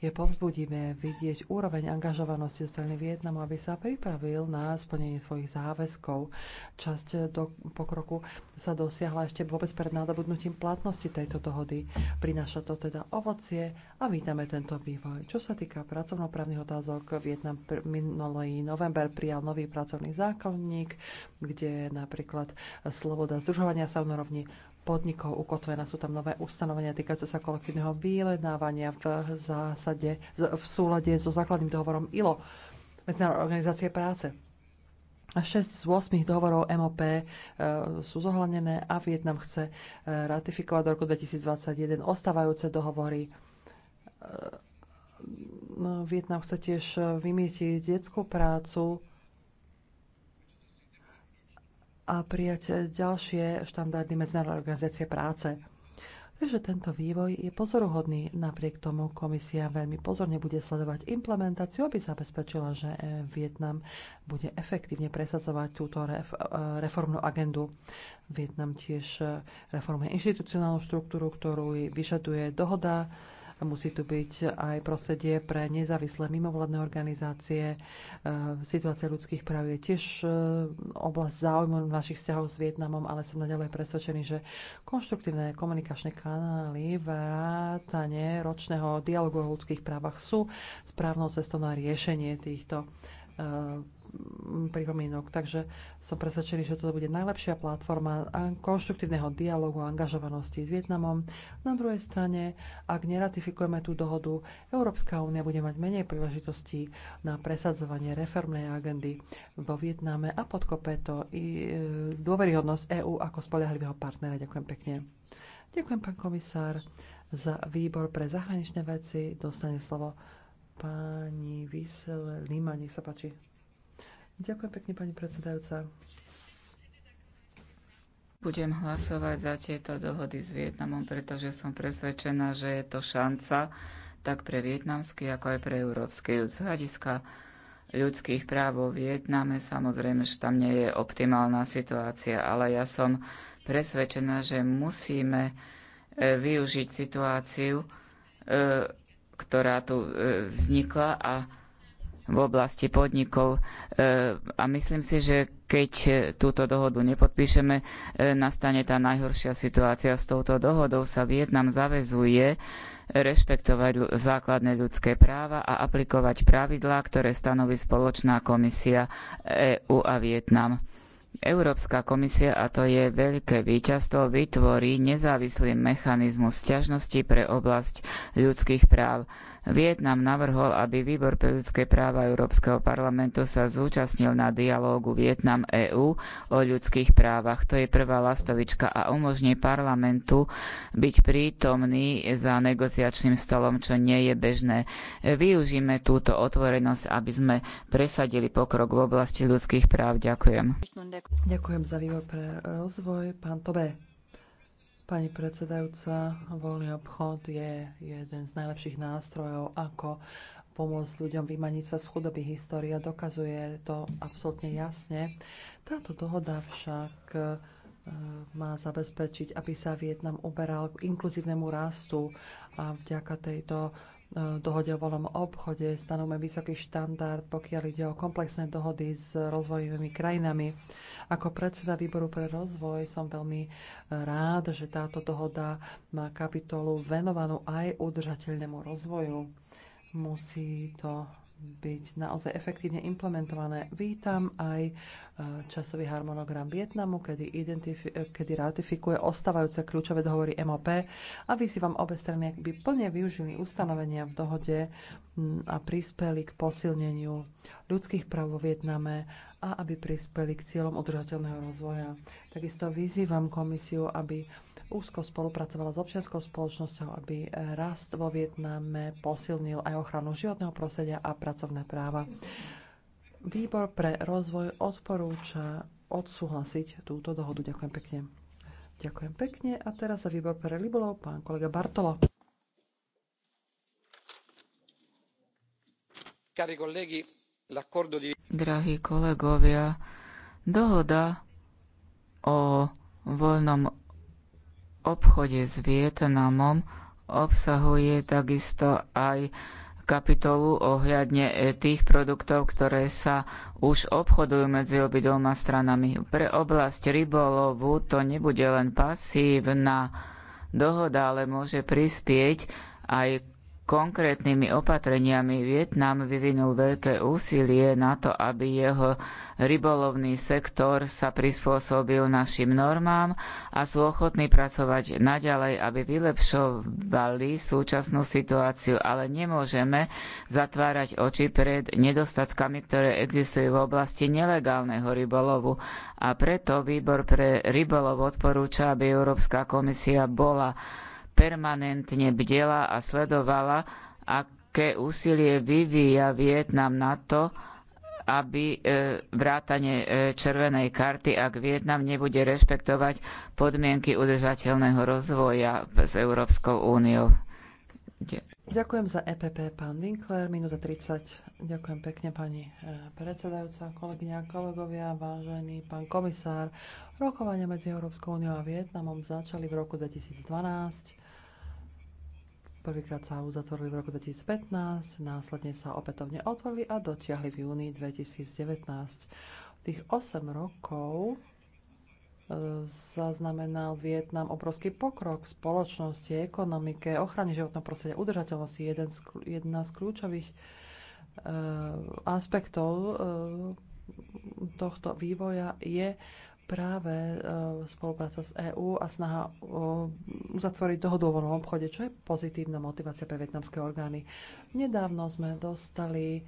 Je povzbudivé vidieť úroveň angažovanosti strany Vietnamu, aby sa pripravil na splnenie svojich záväzkov. Časť eh, do pokroku sa dosiahla ešte vôbec pred nadobudnutím platnosti tejto dohody. Prináša to teda ovocie a vítame tento vývoj. Čo sa týka pracovnoprávnych otázok, Vietnam minulý november prijal nový pracovný zákonník, kde napríklad sloboda združovania sa na rovni podnikov ukotvená. Sú tam nové ustanovenia týkajúce sa kolektívneho vyjednávania v zásade v súlade so základným dohovorom ILO, Medzinárodnej organizácie práce. A 6 z 8 dohovorov MOP e, sú zohľadené a Vietnam chce e, ratifikovať do roku 2021 ostávajúce dohovory. E, no, Vietnam chce tiež vymietiť detskú prácu a prijať ďalšie štandardy Medzinárodnej organizácie práce. Takže tento vývoj je pozoruhodný. Napriek tomu komisia veľmi pozorne bude sledovať implementáciu, aby zabezpečila, že Vietnam bude efektívne presadzovať túto reformnú agendu. Vietnam tiež eh, reformuje inštitucionálnu štruktúru, ktorú vyžaduje dohoda Musí tu byť aj prosedie pre nezávislé mimovládne organizácie. E, situácia ľudských práv je tiež e, oblasť záujmu našich vzťahov s Vietnamom, ale som naďalej presvedčený, že konštruktívne komunikačné kanály vrátane ročného dialogu o ľudských právach sú správnou cestou na riešenie týchto e, pripomienok. Takže som presvedčený, že toto bude najlepšia platforma konštruktívneho dialogu a angažovanosti s Vietnamom. Na druhej strane, ak neratifikujeme tú dohodu, Európska únia bude mať menej príležitostí na presadzovanie reformnej agendy vo Vietname a podkope to i e, dôveryhodnosť EÚ ako spolahlivého partnera. Ďakujem pekne. Ďakujem, pán komisár, za výbor pre zahraničné veci. Dostane slovo pani Vysel Lima, nech sa páči. Ďakujem pekne, pani predsedajúca. Budem hlasovať za tieto dohody s Vietnamom, pretože som presvedčená, že je to šanca tak pre vietnamský, ako aj pre európsky. Z hľadiska ľudských práv vo Vietname samozrejme, že tam nie je optimálna situácia, ale ja som presvedčená, že musíme e, využiť situáciu, e, ktorá tu e, vznikla a v oblasti podnikov. E, a myslím si, že keď e, túto dohodu nepodpíšeme, e, nastane tá najhoršia situácia. S touto dohodou sa Vietnam zavezuje rešpektovať základné ľudské práva a aplikovať pravidlá, ktoré stanoví spoločná komisia EU a Vietnam. Európska komisia, a to je veľké víťazstvo, vytvorí nezávislý mechanizmus sťažnosti pre oblasť ľudských práv. Vietnam navrhol, aby Výbor pre ľudské práva Európskeho parlamentu sa zúčastnil na dialógu Vietnam-EU o ľudských právach. To je prvá lastovička a umožní parlamentu byť prítomný za negociačným stolom, čo nie je bežné. Využíme túto otvorenosť, aby sme presadili pokrok v oblasti ľudských práv. Ďakujem. Ďakujem za výbor pre rozvoj. Pán Tobe. Pani predsedajúca, voľný obchod je jeden z najlepších nástrojov, ako pomôcť ľuďom vymaniť sa z chudoby. História dokazuje to absolútne jasne. Táto dohoda však e, má zabezpečiť, aby sa Vietnam uberal k inkluzívnemu rastu a vďaka tejto Eh, dohode o voľnom obchode, stanovme vysoký štandard, pokiaľ ide o komplexné dohody s rozvojovými krajinami. Ako predseda výboru pre rozvoj som veľmi eh, rád, že táto dohoda má kapitolu venovanú aj udržateľnému rozvoju. Musí to byť naozaj efektívne implementované. Vítam aj e, časový harmonogram Vietnamu, kedy, e, kedy ratifikuje ostávajúce kľúčové dohovory MOP a vyzývam obe strany, ak by plne využili ustanovenia v dohode a prispeli k posilneniu ľudských práv vo Vietname a aby prispeli k cieľom udržateľného rozvoja. Takisto vyzývam komisiu, aby úzko spolupracovala s občianskou spoločnosťou, aby rast vo Vietname posilnil aj ochranu životného prostredia a pracovné práva. Výbor pre rozvoj odporúča odsúhlasiť túto dohodu. Ďakujem pekne. Ďakujem pekne. A teraz za výbor pre Libolov, pán kolega Bartolo. Cari colleghi, l'accordo di drahí kolegovia, dohoda o voľnom obchode s Vietnamom obsahuje takisto aj kapitolu ohľadne e, tých produktov, ktoré sa už obchodujú medzi obidvoma stranami. Pre oblasť rybolovu to nebude len pasívna dohoda, ale môže prispieť aj konkrétnymi opatreniami Vietnam vyvinul veľké úsilie na to, aby jeho rybolovný sektor sa prispôsobil našim normám a sú ochotní pracovať naďalej, aby vylepšovali súčasnú situáciu, ale nemôžeme zatvárať oči pred nedostatkami, ktoré existujú v oblasti nelegálneho rybolovu a preto výbor pre rybolov odporúča, aby Európska komisia bola permanentne bdela a sledovala, aké úsilie vyvíja Vietnam na to, aby e, vrátanie e, červenej karty, ak Vietnam nebude rešpektovať podmienky udržateľného rozvoja s Európskou úniou. Ďakujem za EPP, pán Winkler, minúta 30. Ďakujem pekne, pani e, predsedajúca, kolegyňa, kolegovia, vážený pán komisár. Rokovania medzi Európskou úniou a Vietnamom začali v roku 2012 Prvýkrát sa uzatvorili v roku 2015, následne sa opätovne otvorili a dotiahli v júni 2019. Tých 8 rokov e, zaznamenal Vietnam obrovský pokrok v spoločnosti, ekonomike, ochrane životného prostredia, udržateľnosti. Jeden z, jedna z kľúčových uh, aspektov uh, tohto vývoja je práve e, spolupráca s EÚ a snaha uzatvoriť dohodu o voľnom obchode, čo je pozitívna motivácia pre vietnamské orgány. Nedávno sme dostali e,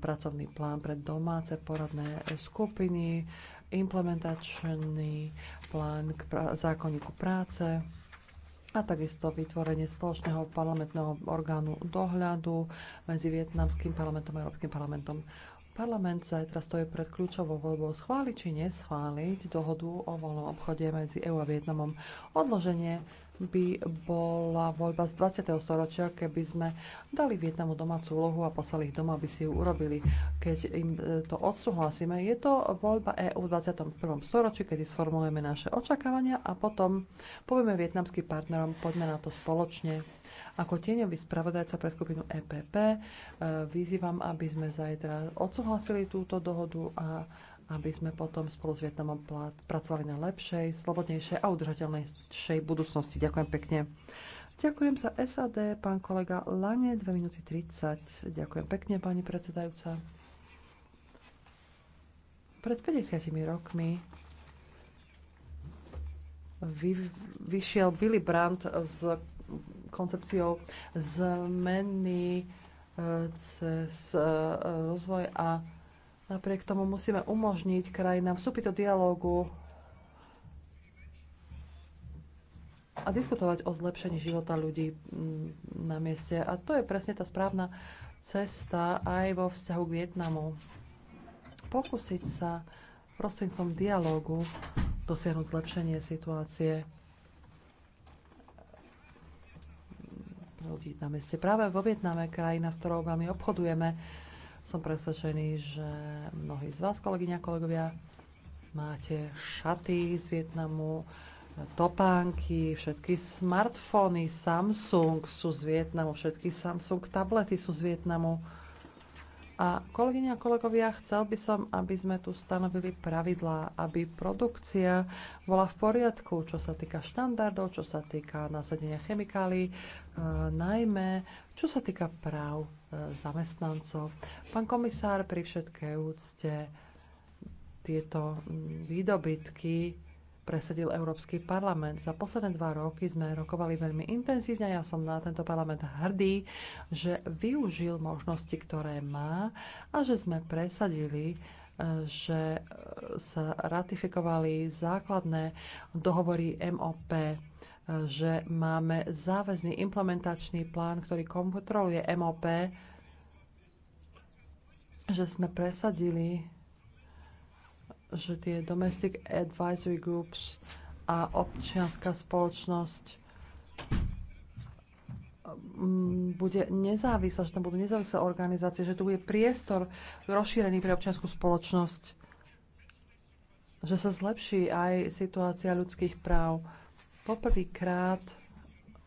pracovný plán pre domáce poradné skupiny, implementačný plán k zákonníku práce a takisto vytvorenie spoločného parlamentného orgánu dohľadu medzi Vietnamským parlamentom a Európskym parlamentom. Parlament zajtra stojí pred kľúčovou voľbou schváliť či neschváliť dohodu o voľnom obchode medzi EÚ a Vietnamom. Odloženie by bola voľba z 20. storočia, keby sme dali Vietnamu domácu úlohu a poslali ich doma, aby si ju urobili. Keď im e, to odsúhlasíme, je to voľba EÚ v 21. storočí, kedy sformulujeme naše očakávania a potom povieme vietnamským partnerom, poďme na to spoločne ako tieňový spravodajca pre skupinu EPP eh, vyzývam, aby sme zajtra odsúhlasili túto dohodu a aby sme potom spolu s Vietnamom pracovali na lepšej, slobodnejšej a udržateľnejšej budúcnosti. Ďakujem pekne. Ďakujem za SAD, pán kolega Lane, 2 minúty 30. Ďakujem pekne, pani predsedajúca. Pred 50 rokmi vy, vyšiel Billy Brandt z koncepciou zmeny e, cez e, rozvoj a napriek tomu musíme umožniť krajinám vstúpiť do dialógu a diskutovať o zlepšení života ľudí mm, na mieste. A to je presne tá správna cesta aj vo vzťahu k Vietnamu. Pokúsiť sa prostredníctvom dialógu dosiahnuť zlepšenie situácie ľudí na mieste. Práve vo Vietname, krajina, s ktorou veľmi obchodujeme, som presvedčený, že mnohí z vás, kolegyňa, kolegovia, máte šaty z Vietnamu, topánky, všetky smartfóny Samsung sú z Vietnamu, všetky Samsung tablety sú z Vietnamu. A kolegyne a kolegovia, chcel by som, aby sme tu stanovili pravidlá, aby produkcia bola v poriadku, čo sa týka štandardov, čo sa týka nasadenia chemikálií, Eh, najmä čo sa týka práv eh, zamestnancov. Pán komisár, pri všetkej úcte tieto mm, výdobytky presedil Európsky parlament. Za posledné dva roky sme rokovali veľmi intenzívne. Ja som na tento parlament hrdý, že využil možnosti, ktoré má a že sme presadili eh, že sa ratifikovali základné dohovory MOP že máme záväzný implementačný plán, ktorý kontroluje MOP, že sme presadili, že tie domestic advisory groups a občianská spoločnosť mm, bude nezávislá, že tam budú nezávislé organizácie, že tu bude priestor rozšírený pre občianskú spoločnosť, že sa zlepší aj situácia ľudských práv poprvýkrát e,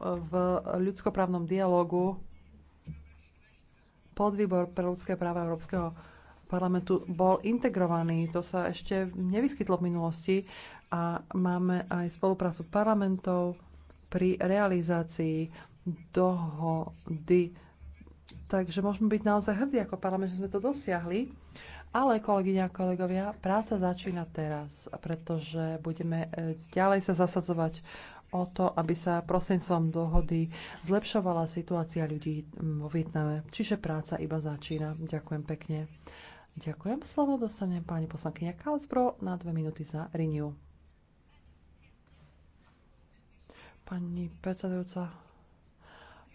v ľudskoprávnom dialogu podvýbor pre ľudské práva Európskeho parlamentu bol integrovaný. To sa ešte nevyskytlo v minulosti a máme aj spoluprácu parlamentov pri realizácii dohody. Takže môžeme byť naozaj hrdí ako parlament, že sme to dosiahli. Ale kolegyňa a kolegovia, práca začína teraz, pretože budeme e, ďalej sa zasadzovať o to, aby sa prostredníctvom dohody zlepšovala situácia ľudí vo Vietname. Čiže práca iba začína. Ďakujem pekne. Ďakujem. Slovo dostane pani poslankyňa Kalsbro na dve minúty za Riniu. Pani predsedajúca,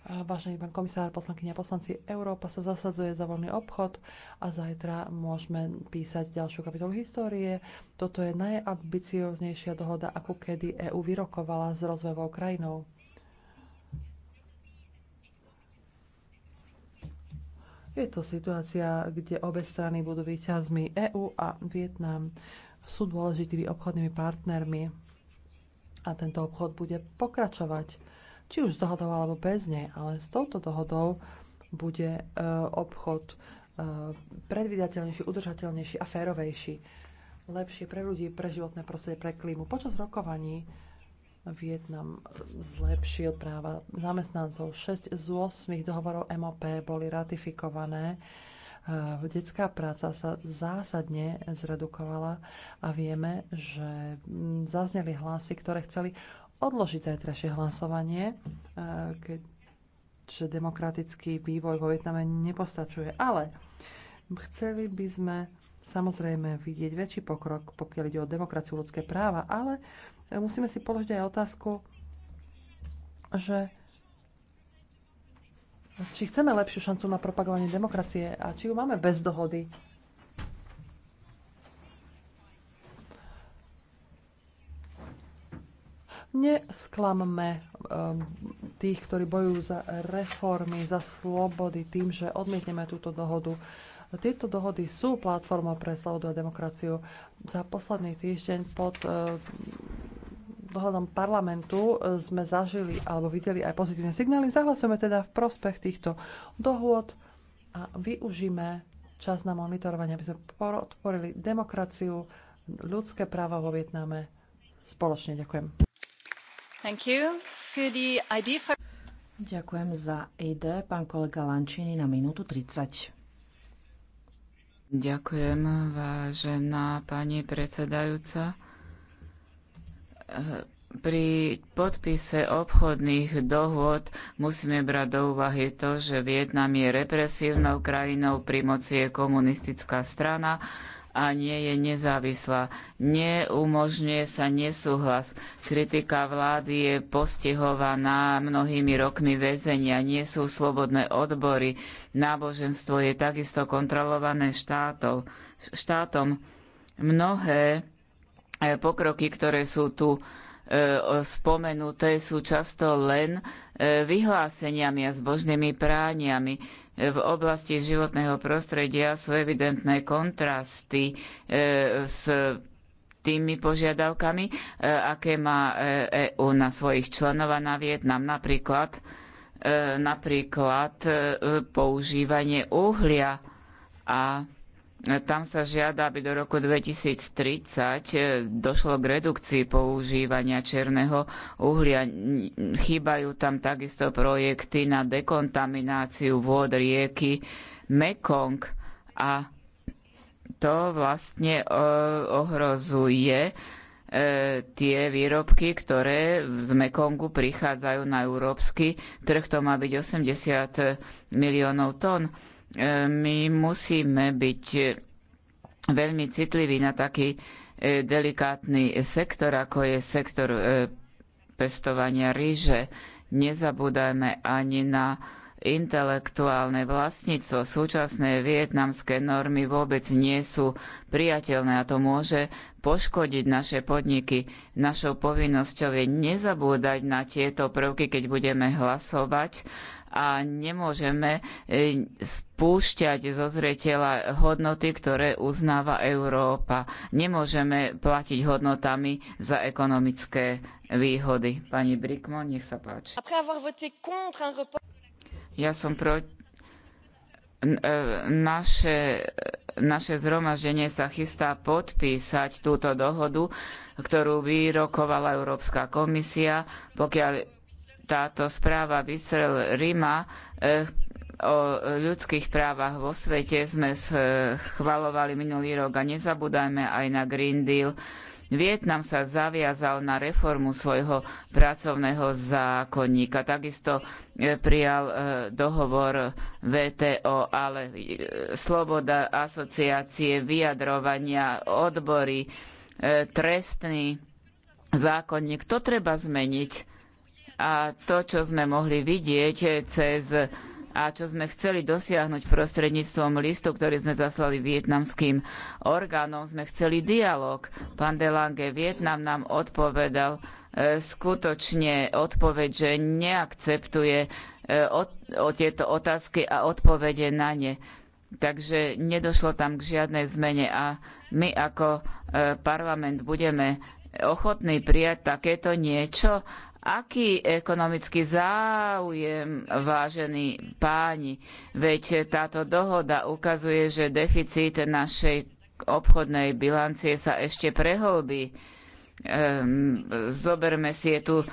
Vážený pán komisár, poslankyňa poslanci, Európa sa zasadzuje za voľný obchod a zajtra môžeme písať ďalšiu kapitolu histórie. Toto je najambicioznejšia dohoda, ako kedy EÚ vyrokovala s rozvojovou krajinou. Je to situácia, kde obe strany budú výťazmi. EÚ a Vietnam sú dôležitými obchodnými partnermi a tento obchod bude pokračovať či už s dohodou alebo bez nej, ale s touto dohodou bude e, obchod e, predvydateľnejší, udržateľnejší a férovejší. Lepšie pre ľudí, pre životné prostredie, pre klímu. Počas rokovaní Vietnam zlepšil práva zamestnancov. 6 z 8 dohovorov MOP boli ratifikované. E, detská práca sa zásadne zredukovala a vieme, že zazneli hlasy, ktoré chceli odložiť zajtrajšie hlasovanie, e, keďže demokratický vývoj vo Vietname nepostačuje. Ale chceli by sme samozrejme vidieť väčší pokrok, pokiaľ ide o demokraciu ľudské práva, ale musíme si položiť aj otázku, že či chceme lepšiu šancu na propagovanie demokracie a či ju máme bez dohody nesklamme ehm, tých, ktorí bojujú za reformy, za slobody tým, že odmietneme túto dohodu. Tieto dohody sú platformou pre slobodu a demokraciu. Za posledný týždeň pod ehm, dohľadom parlamentu e, sme zažili alebo videli aj pozitívne signály. Zahlasujeme teda v prospech týchto dohôd a využíme čas na monitorovanie, aby sme podporili demokraciu, ľudské práva vo Vietname. Spoločne ďakujem. Ďakujem za ID. Pán kolega Lančini na minútu 30. Ďakujem, vážená pani predsedajúca. Pri podpise obchodných dohôd musíme brať do úvahy to, že Vietnam je represívnou krajinou, pri moci je komunistická strana, a nie je nezávislá. Neumožňuje sa nesúhlas. Kritika vlády je postihovaná mnohými rokmi väzenia, nie sú slobodné odbory, náboženstvo je takisto kontrolované štátov, štátom. Mnohé e, pokroky, ktoré sú tu e, spomenuté, sú často len e, vyhláseniami a zbožnými prániami v oblasti životného prostredia sú evidentné kontrasty e, s tými požiadavkami, e, aké má EÚ e na svojich členov a na Vietnam. Napríklad, napríklad používanie uhlia a tam sa žiada, aby do roku 2030 e, došlo k redukcii používania černého uhlia. Chýbajú tam takisto projekty na dekontamináciu vôd rieky Mekong a to vlastne e, ohrozuje e, tie výrobky, ktoré z Mekongu prichádzajú na európsky trh. To má byť 80 miliónov tón E, my musíme byť veľmi citliví na taký e, delikátny sektor, ako je sektor e, pestovania rýže. Nezabúdajme ani na intelektuálne vlastníctvo. Súčasné vietnamské normy vôbec nie sú priateľné a to môže poškodiť naše podniky. Našou povinnosťou je nezabúdať na tieto prvky, keď budeme hlasovať a nemôžeme e, spúšťať zo zreteľa hodnoty, ktoré uznáva Európa. Nemôžeme platiť hodnotami za ekonomické výhody. Pani Brikmo, nech sa páči. Ja som proti e, naše, naše zhromaždenie sa chystá podpísať túto dohodu, ktorú vyrokovala Európska komisia, pokiaľ táto správa Vysel Rima eh, o ľudských právach vo svete sme schvalovali minulý rok a nezabúdajme aj na Green Deal. Vietnam sa zaviazal na reformu svojho pracovného zákonníka. Takisto eh, prijal eh, dohovor VTO, ale sloboda asociácie, vyjadrovania, odbory, trestný zákonník, to treba zmeniť a to, čo sme mohli vidieť cez a čo sme chceli dosiahnuť prostredníctvom listu, ktorý sme zaslali vietnamským orgánom, sme chceli dialog. Pán Delange, Vietnam nám odpovedal e, skutočne odpoveď, že neakceptuje e, o, o tieto otázky a odpovede na ne. Takže nedošlo tam k žiadnej zmene a my ako e, parlament budeme ochotní prijať takéto niečo Aký ekonomický záujem, vážení páni? Veď táto dohoda ukazuje, že deficit našej obchodnej bilancie sa ešte prehlbí. Ehm, zoberme si je tu e,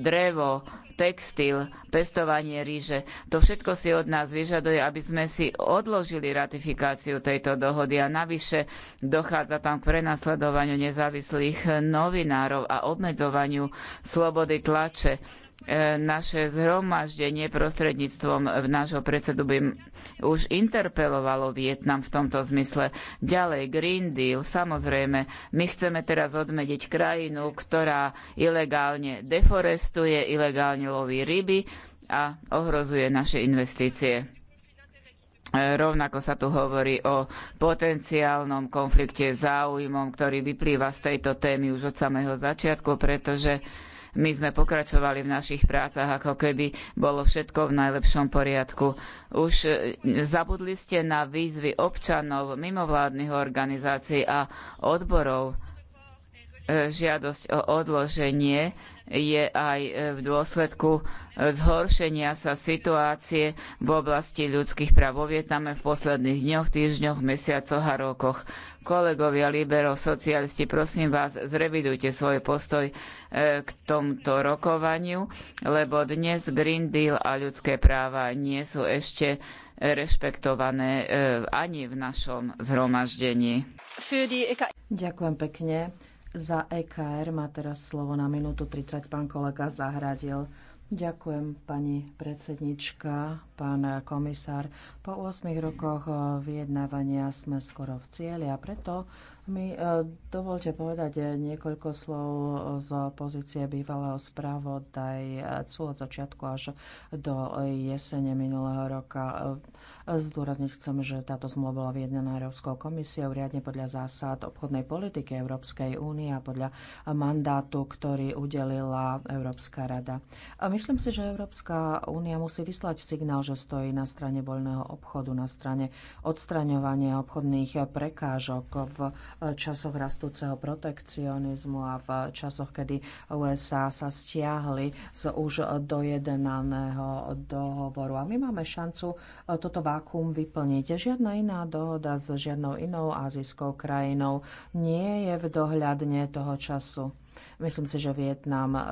drevo, textil, pestovanie ríže. To všetko si od nás vyžaduje, aby sme si odložili ratifikáciu tejto dohody a navyše dochádza tam k prenasledovaniu nezávislých novinárov a obmedzovaniu slobody tlače E, naše zhromaždenie prostredníctvom nášho predsedu by už interpelovalo Vietnam v tomto zmysle. Ďalej Green Deal, samozrejme, my chceme teraz odmediť krajinu, ktorá ilegálne deforestuje, ilegálne loví ryby a ohrozuje naše investície. E, rovnako sa tu hovorí o potenciálnom konflikte záujmom, ktorý vyplýva z tejto témy už od samého začiatku, pretože my sme pokračovali v našich prácach, ako keby bolo všetko v najlepšom poriadku. Už e, zabudli ste na výzvy občanov, mimovládnych organizácií a odborov e, žiadosť o odloženie je aj e, v dôsledku e, zhoršenia sa situácie v oblasti ľudských práv vo Vietname v posledných dňoch, týždňoch, mesiacoch a rokoch. Kolegovia liberov, socialisti, prosím vás, zrevidujte svoj postoj e, k tomuto rokovaniu, lebo dnes Green Deal a ľudské práva nie sú ešte rešpektované ani v našom zhromaždení. Ďakujem pekne. Za EKR má teraz slovo na minútu 30 pán kolega Zahradil. Ďakujem, pani predsednička, pán komisár. Po 8 rokoch eh, vyjednávania sme skoro v cieli a preto mi eh, dovolte povedať eh, niekoľko slov z pozície bývalého správodajcu od začiatku až do jesene minulého roka. Zdôrazniť chcem, že táto zmluva bola vyjednaná Európskou komisiou riadne podľa zásad obchodnej politiky Európskej únie a podľa mandátu, ktorý udelila Európska rada. A myslím si, že Európska únia musí vyslať signál, že stojí na strane voľného obchodu, na strane odstraňovania obchodných prekážok v časoch rastúceho protekcionizmu a v časoch, kedy USA sa stiahli z už dojednaného dohovoru. A my máme šancu toto vákum vyplniť. Žiadna iná dohoda s žiadnou inou azijskou krajinou nie je v dohľadne toho času. Myslím si, že Vietnam e,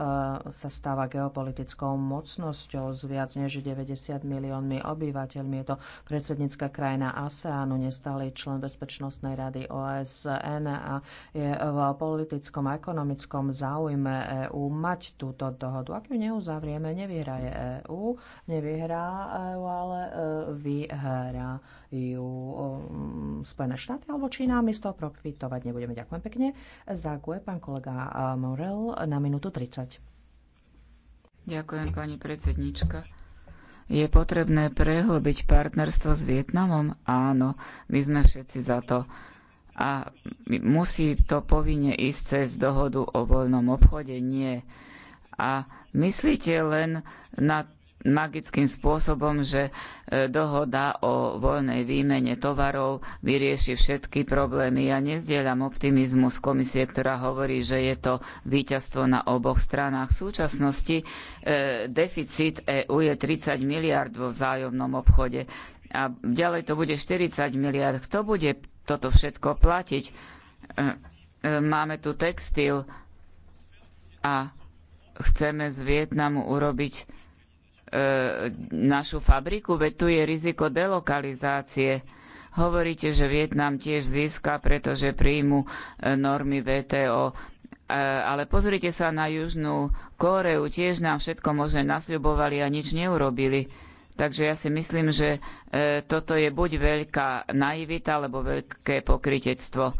sa stáva geopolitickou mocnosťou s viac než 90 miliónmi obyvateľmi. Je to predsednícka krajina ASEANu, nestály člen Bezpečnostnej rady OSN a je v politickom a ekonomickom záujme EÚ mať túto dohodu. Ak ju neuzavrieme, nevyhraje EÚ, nevyhrá EÚ, ale e, vyhrá ju um, Spojené štáty alebo Čína. My z toho profitovať nebudeme. Ďakujem pekne. Zákuje pán kolega uh, Morel na minútu 30. Ďakujem, pani predsednička. Je potrebné prehlbiť partnerstvo s Vietnamom? Áno, my sme všetci za to. A musí to povinne ísť cez dohodu o voľnom obchode? Nie. A myslíte len na magickým spôsobom, že e, dohoda o voľnej výmene tovarov vyrieši všetky problémy. Ja nezdielam optimizmus komisie, ktorá hovorí, že je to víťazstvo na oboch stranách. V súčasnosti e, deficit EÚ je 30 miliard vo vzájomnom obchode a ďalej to bude 40 miliard. Kto bude toto všetko platiť? E, máme tu textil a chceme z Vietnamu urobiť našu fabriku, veď tu je riziko delokalizácie. Hovoríte, že Vietnam tiež získa, pretože príjmu e, normy VTO. E, ale pozrite sa na Južnú Kóreu, tiež nám všetko možné nasľubovali a nič neurobili. Takže ja si myslím, že e, toto je buď veľká naivita, alebo veľké pokritectvo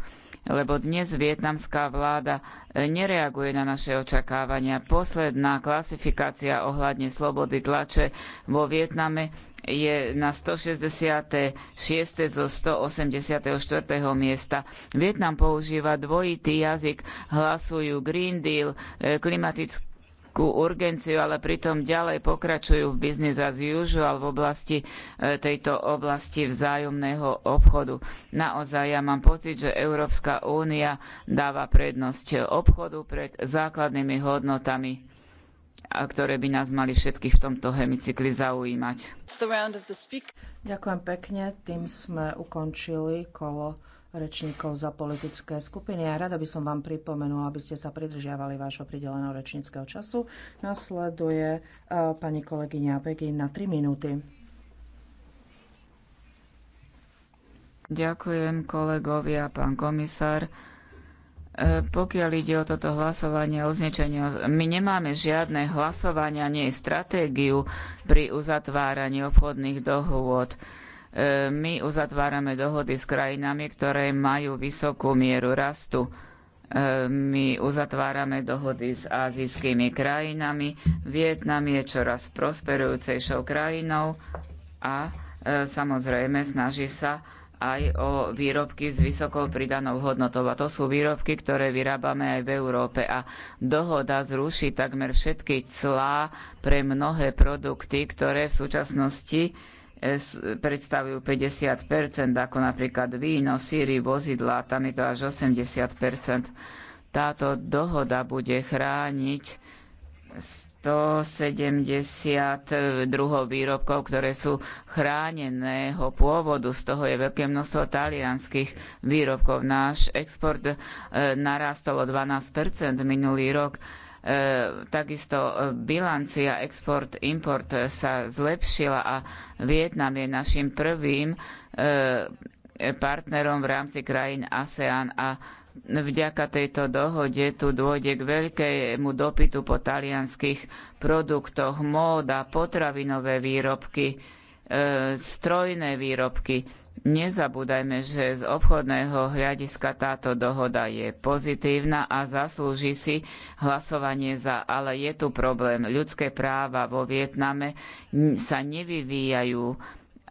lebo dnes vietnamská vláda e, nereaguje na naše očakávania. Posledná klasifikácia ohľadne slobody tlače vo Vietname je na 166. zo 184. miesta. Vietnam používa dvojitý jazyk, hlasujú Green Deal, e, klimatickú ku urgenciu, ale pritom ďalej pokračujú v business as usual v oblasti e, tejto oblasti vzájomného obchodu. Naozaj ja mám pocit, že Európska únia dáva prednosť obchodu pred základnými hodnotami ktoré by nás mali všetkých v tomto hemicykli zaujímať. Ďakujem pekne, tým sme ukončili kolo rečníkov za politické skupiny a rada by som vám pripomenula, aby ste sa pridržiavali vášho prideleného rečníckého času. Nasleduje e, pani kolegyňa Pegin na 3 minúty. Ďakujem kolegovia, pán komisár e, pokiaľ ide o toto hlasovanie o zničení, my nemáme žiadne hlasovania, nie stratégiu pri uzatváraní obchodných dohôd. E, my uzatvárame dohody s krajinami, ktoré majú vysokú mieru rastu. E, my uzatvárame dohody s azijskými krajinami. Vietnam je čoraz prosperujúcejšou krajinou a e, samozrejme snaží sa aj o výrobky s vysokou pridanou hodnotou. A to sú výrobky, ktoré vyrábame aj v Európe. A dohoda zruší takmer všetky clá pre mnohé produkty, ktoré v súčasnosti predstavujú 50 ako napríklad víno, síry, vozidla, tam je to až 80 Táto dohoda bude chrániť 170 druhov výrobkov, ktoré sú chráneného pôvodu. Z toho je veľké množstvo talianskych výrobkov. Náš export eh, narastol o 12 minulý rok E, takisto e, bilancia export-import sa zlepšila a Vietnam je našim prvým e, partnerom v rámci krajín ASEAN a vďaka tejto dohode tu dôjde k veľkému dopytu po talianskych produktoch, móda, potravinové výrobky, strojné výrobky Nezabúdajme, že z obchodného hľadiska táto dohoda je pozitívna a zaslúži si hlasovanie za, ale je tu problém. Ľudské práva vo Vietname sa nevyvíjajú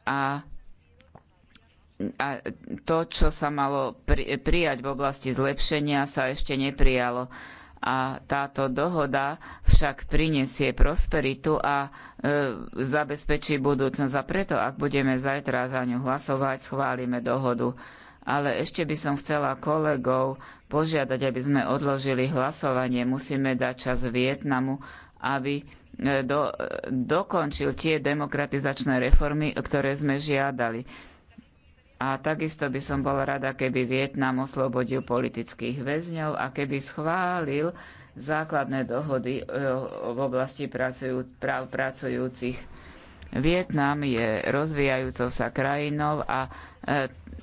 a a to, čo sa malo prijať v oblasti zlepšenia, sa ešte neprijalo a táto dohoda však prinesie prosperitu a e, zabezpečí budúcnosť. A preto, ak budeme zajtra za ňu hlasovať, schválime dohodu. Ale ešte by som chcela kolegov požiadať, aby sme odložili hlasovanie. Musíme dať čas Vietnamu, aby e, do, e, dokončil tie demokratizačné reformy, ktoré sme žiadali a takisto by som bola rada, keby Vietnam oslobodil politických väzňov a keby schválil základné dohody e, v oblasti práv pracujúcich. Vietnam je rozvíjajúcou sa krajinou a e,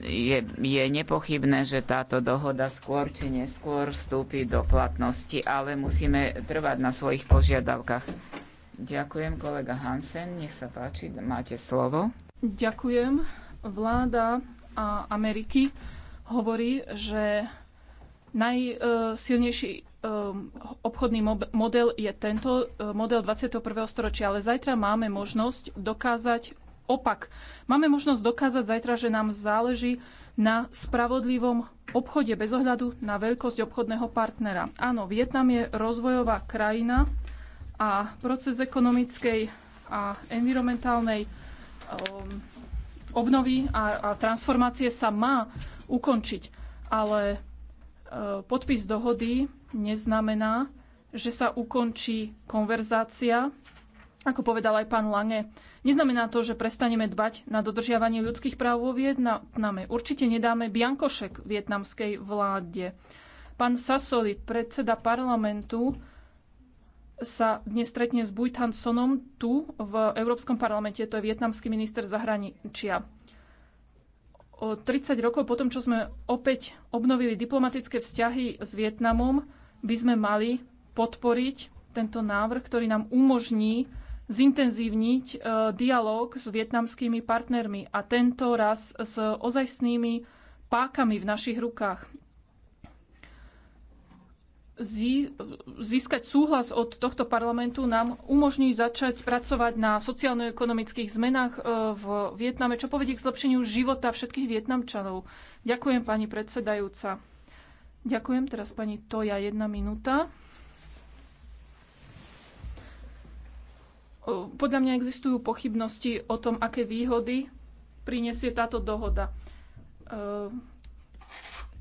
je, je nepochybné, že táto dohoda skôr či neskôr vstúpi do platnosti, ale musíme trvať na svojich požiadavkách. Ďakujem, kolega Hansen, nech sa páči, máte slovo. Ďakujem vláda Ameriky hovorí, že najsilnejší um, obchodný model je tento uh, model 21. storočia, ale zajtra máme možnosť dokázať opak. Máme možnosť dokázať zajtra, že nám záleží na spravodlivom obchode bez ohľadu na veľkosť obchodného partnera. Áno, Vietnam je rozvojová krajina a proces ekonomickej a environmentálnej um, obnovy a, a transformácie sa má ukončiť, ale e, podpis dohody neznamená, že sa ukončí konverzácia, ako povedal aj pán Lange. Neznamená to, že prestaneme dbať na dodržiavanie ľudských práv vo Vietname. Určite nedáme biankošek vietnamskej vláde. Pán Sasoli, predseda parlamentu, sa dnes stretne s Bujtan Sonom tu v Európskom parlamente. To je vietnamský minister zahraničia. O 30 rokov potom, čo sme opäť obnovili diplomatické vzťahy s Vietnamom, by sme mali podporiť tento návrh, ktorý nám umožní zintenzívniť e, dialog s vietnamskými partnermi a tento raz s ozajstnými pákami v našich rukách získať súhlas od tohto parlamentu nám umožní začať pracovať na sociálno-ekonomických zmenách e, v Vietname, čo povedie k zlepšeniu života všetkých Vietnamčanov. Ďakujem, pani predsedajúca. Ďakujem teraz pani Toja, jedna minúta. Podľa mňa existujú pochybnosti o tom, aké výhody prinesie táto dohoda e,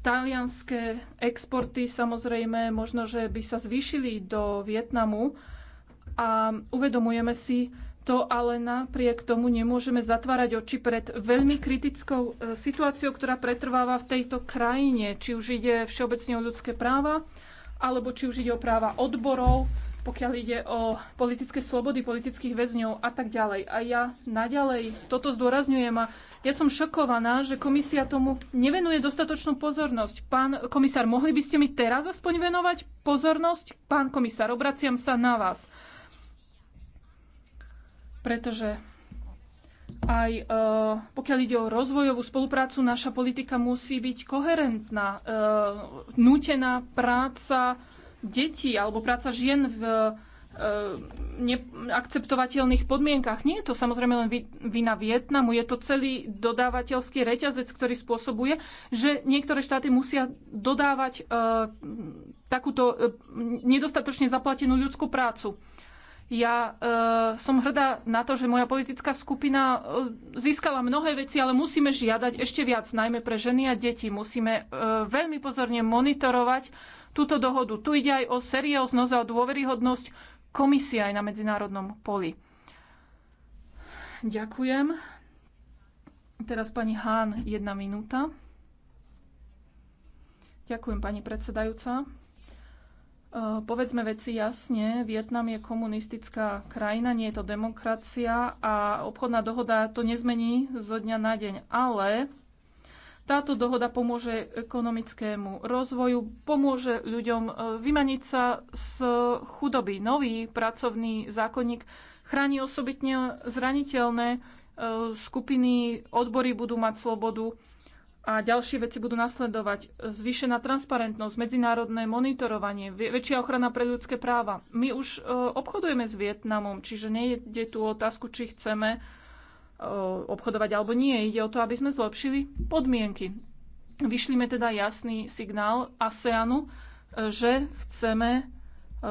Talianské exporty samozrejme možno, že by sa zvýšili do Vietnamu a uvedomujeme si to, ale napriek tomu nemôžeme zatvárať oči pred veľmi kritickou e, situáciou, ktorá pretrváva v tejto krajine. Či už ide všeobecne o ľudské práva, alebo či už ide o práva odborov, pokiaľ ide o politické slobody politických väzňov a tak ďalej. A ja naďalej toto zdôrazňujem a ja som šokovaná, že komisia tomu nevenuje dostatočnú pozornosť. Pán komisár, mohli by ste mi teraz aspoň venovať pozornosť? Pán komisár, obraciam sa na vás. Pretože aj e, pokiaľ ide o rozvojovú spoluprácu, naša politika musí byť koherentná. E, nútená práca detí alebo práca žien v e, E, neakceptovateľných podmienkach. Nie je to samozrejme len vina Vietnamu, je to celý dodávateľský reťazec, ktorý spôsobuje, že niektoré štáty musia dodávať e, takúto e, nedostatočne zaplatenú ľudskú prácu. Ja e, som hrdá na to, že moja politická skupina e, získala mnohé veci, ale musíme žiadať ešte viac, najmä pre ženy a deti. Musíme e, veľmi pozorne monitorovať túto dohodu. Tu ide aj o serióznosť a o dôveryhodnosť komisia aj na medzinárodnom poli. Ďakujem. Teraz pani Hán, jedna minúta. Ďakujem, pani predsedajúca. E, povedzme veci jasne, Vietnam je komunistická krajina, nie je to demokracia a obchodná dohoda to nezmení zo dňa na deň. Ale táto dohoda pomôže ekonomickému rozvoju, pomôže ľuďom e, vymaniť sa z chudoby. Nový pracovný zákonník chráni osobitne zraniteľné e, skupiny, odbory budú mať slobodu a ďalšie veci budú nasledovať. Zvýšená transparentnosť, medzinárodné monitorovanie, väčšia ochrana pre ľudské práva. My už e, obchodujeme s Vietnamom, čiže nejde tu otázku, či chceme obchodovať alebo nie. Ide o to, aby sme zlepšili podmienky. Vyšlíme teda jasný signál ASEANu, e, že chceme e,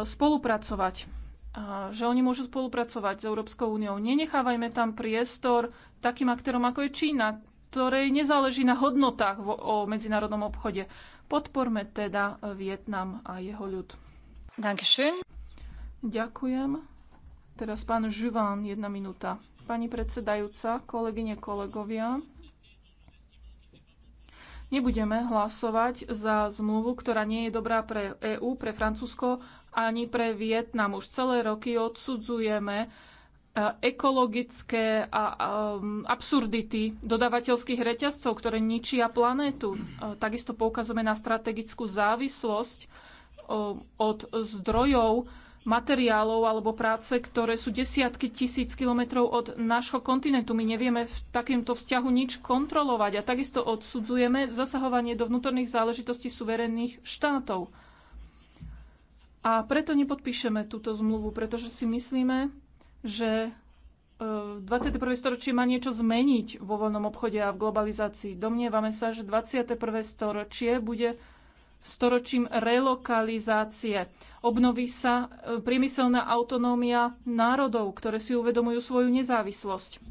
spolupracovať. Že oni môžu spolupracovať s Európskou úniou. Nenechávajme tam priestor takým aktérom, ako je Čína, ktorej nezáleží na hodnotách o medzinárodnom obchode. Podporme teda Vietnam a jeho ľud. Dankeschön. Ďakujem. Teraz pán Živán, jedna minúta pani predsedajúca, kolegyne, kolegovia. Nebudeme hlasovať za zmluvu, ktorá nie je dobrá pre EÚ, pre Francúzsko ani pre Vietnam. Už celé roky odsudzujeme e, ekologické a mm, absurdity dodavateľských reťazcov, ktoré ničia planétu. E, takisto poukazujeme na strategickú závislosť e, od zdrojov materiálov alebo práce, ktoré sú desiatky tisíc kilometrov od nášho kontinentu. My nevieme v takýmto vzťahu nič kontrolovať a takisto odsudzujeme zasahovanie do vnútorných záležitostí suverénnych štátov. A preto nepodpíšeme túto zmluvu, pretože si myslíme, že 21. E, storočie má niečo zmeniť vo voľnom obchode a v globalizácii. Domnievame sa, že 21. storočie bude storočím relokalizácie. Obnoví sa e, priemyselná autonómia národov, ktoré si uvedomujú svoju nezávislosť.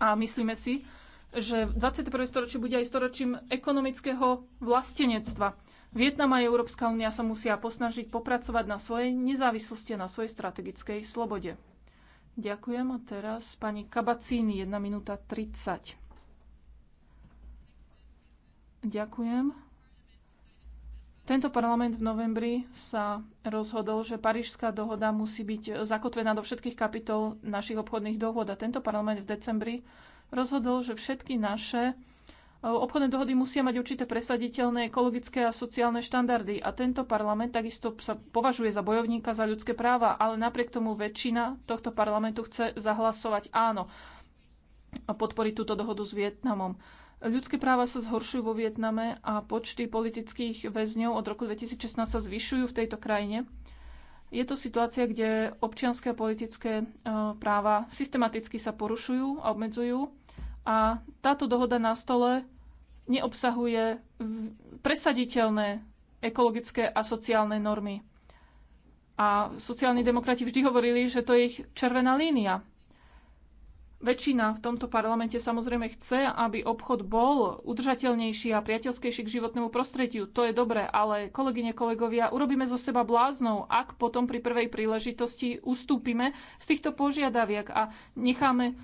A myslíme si, že 21. storočie bude aj storočím ekonomického vlastenectva. Vietnam a Európska únia sa musia posnažiť popracovať na svojej nezávislosti a na svojej strategickej slobode. Ďakujem a teraz pani Kabacíny, 1 minúta 30. Ďakujem. Tento parlament v novembri sa rozhodol, že Parížská dohoda musí byť zakotvená do všetkých kapitol našich obchodných dohod. A tento parlament v decembri rozhodol, že všetky naše e, obchodné dohody musia mať určité presaditeľné ekologické a sociálne štandardy. A tento parlament takisto sa považuje za bojovníka za ľudské práva, ale napriek tomu väčšina tohto parlamentu chce zahlasovať áno a podporiť túto dohodu s Vietnamom. Ľudské práva sa zhoršujú vo Vietname a počty politických väzňov od roku 2016 sa zvyšujú v tejto krajine. Je to situácia, kde občianské a politické e, práva systematicky sa porušujú a obmedzujú a táto dohoda na stole neobsahuje presaditeľné ekologické a sociálne normy. A sociálni demokrati vždy hovorili, že to je ich červená línia. Väčšina v tomto parlamente samozrejme chce, aby obchod bol udržateľnejší a priateľskejší k životnému prostrediu. To je dobré, ale kolegyne, kolegovia, urobíme zo seba bláznov, ak potom pri prvej príležitosti ustúpime z týchto požiadaviek a necháme e,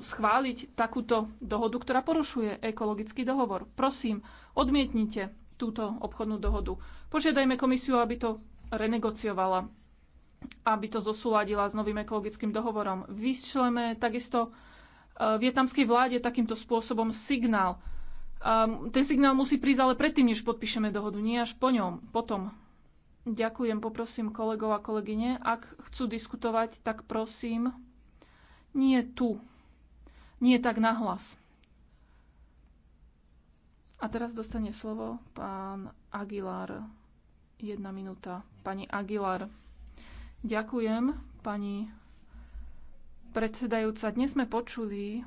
schváliť takúto dohodu, ktorá porušuje ekologický dohovor. Prosím, odmietnite túto obchodnú dohodu. Požiadajme komisiu, aby to renegociovala aby to zosúladila s novým ekologickým dohovorom. Vyšleme takisto e, vietnamskej vláde takýmto spôsobom signál. Ehm, ten signál musí prísť ale predtým, než podpíšeme dohodu, nie až po ňom, potom. Ďakujem, poprosím kolegov a kolegyne. Ak chcú diskutovať, tak prosím, nie tu. Nie tak nahlas. A teraz dostane slovo pán Aguilar. Jedna minúta. Pani Aguilar. Ďakujem, pani predsedajúca. Dnes sme počuli,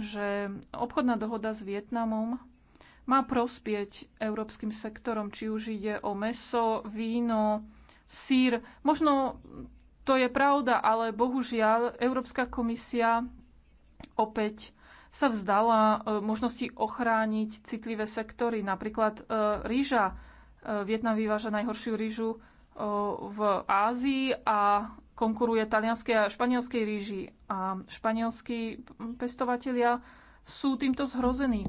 že obchodná dohoda s Vietnamom má prospieť európskym sektorom, či už ide o meso, víno, sír. Možno to je pravda, ale bohužiaľ Európska komisia opäť sa vzdala e, možnosti ochrániť citlivé sektory, napríklad e, rýža. E, Vietnam vyváža najhoršiu rýžu v Ázii a konkuruje talianskej a španielskej ríži. A španielskí pestovatelia sú týmto zhrození.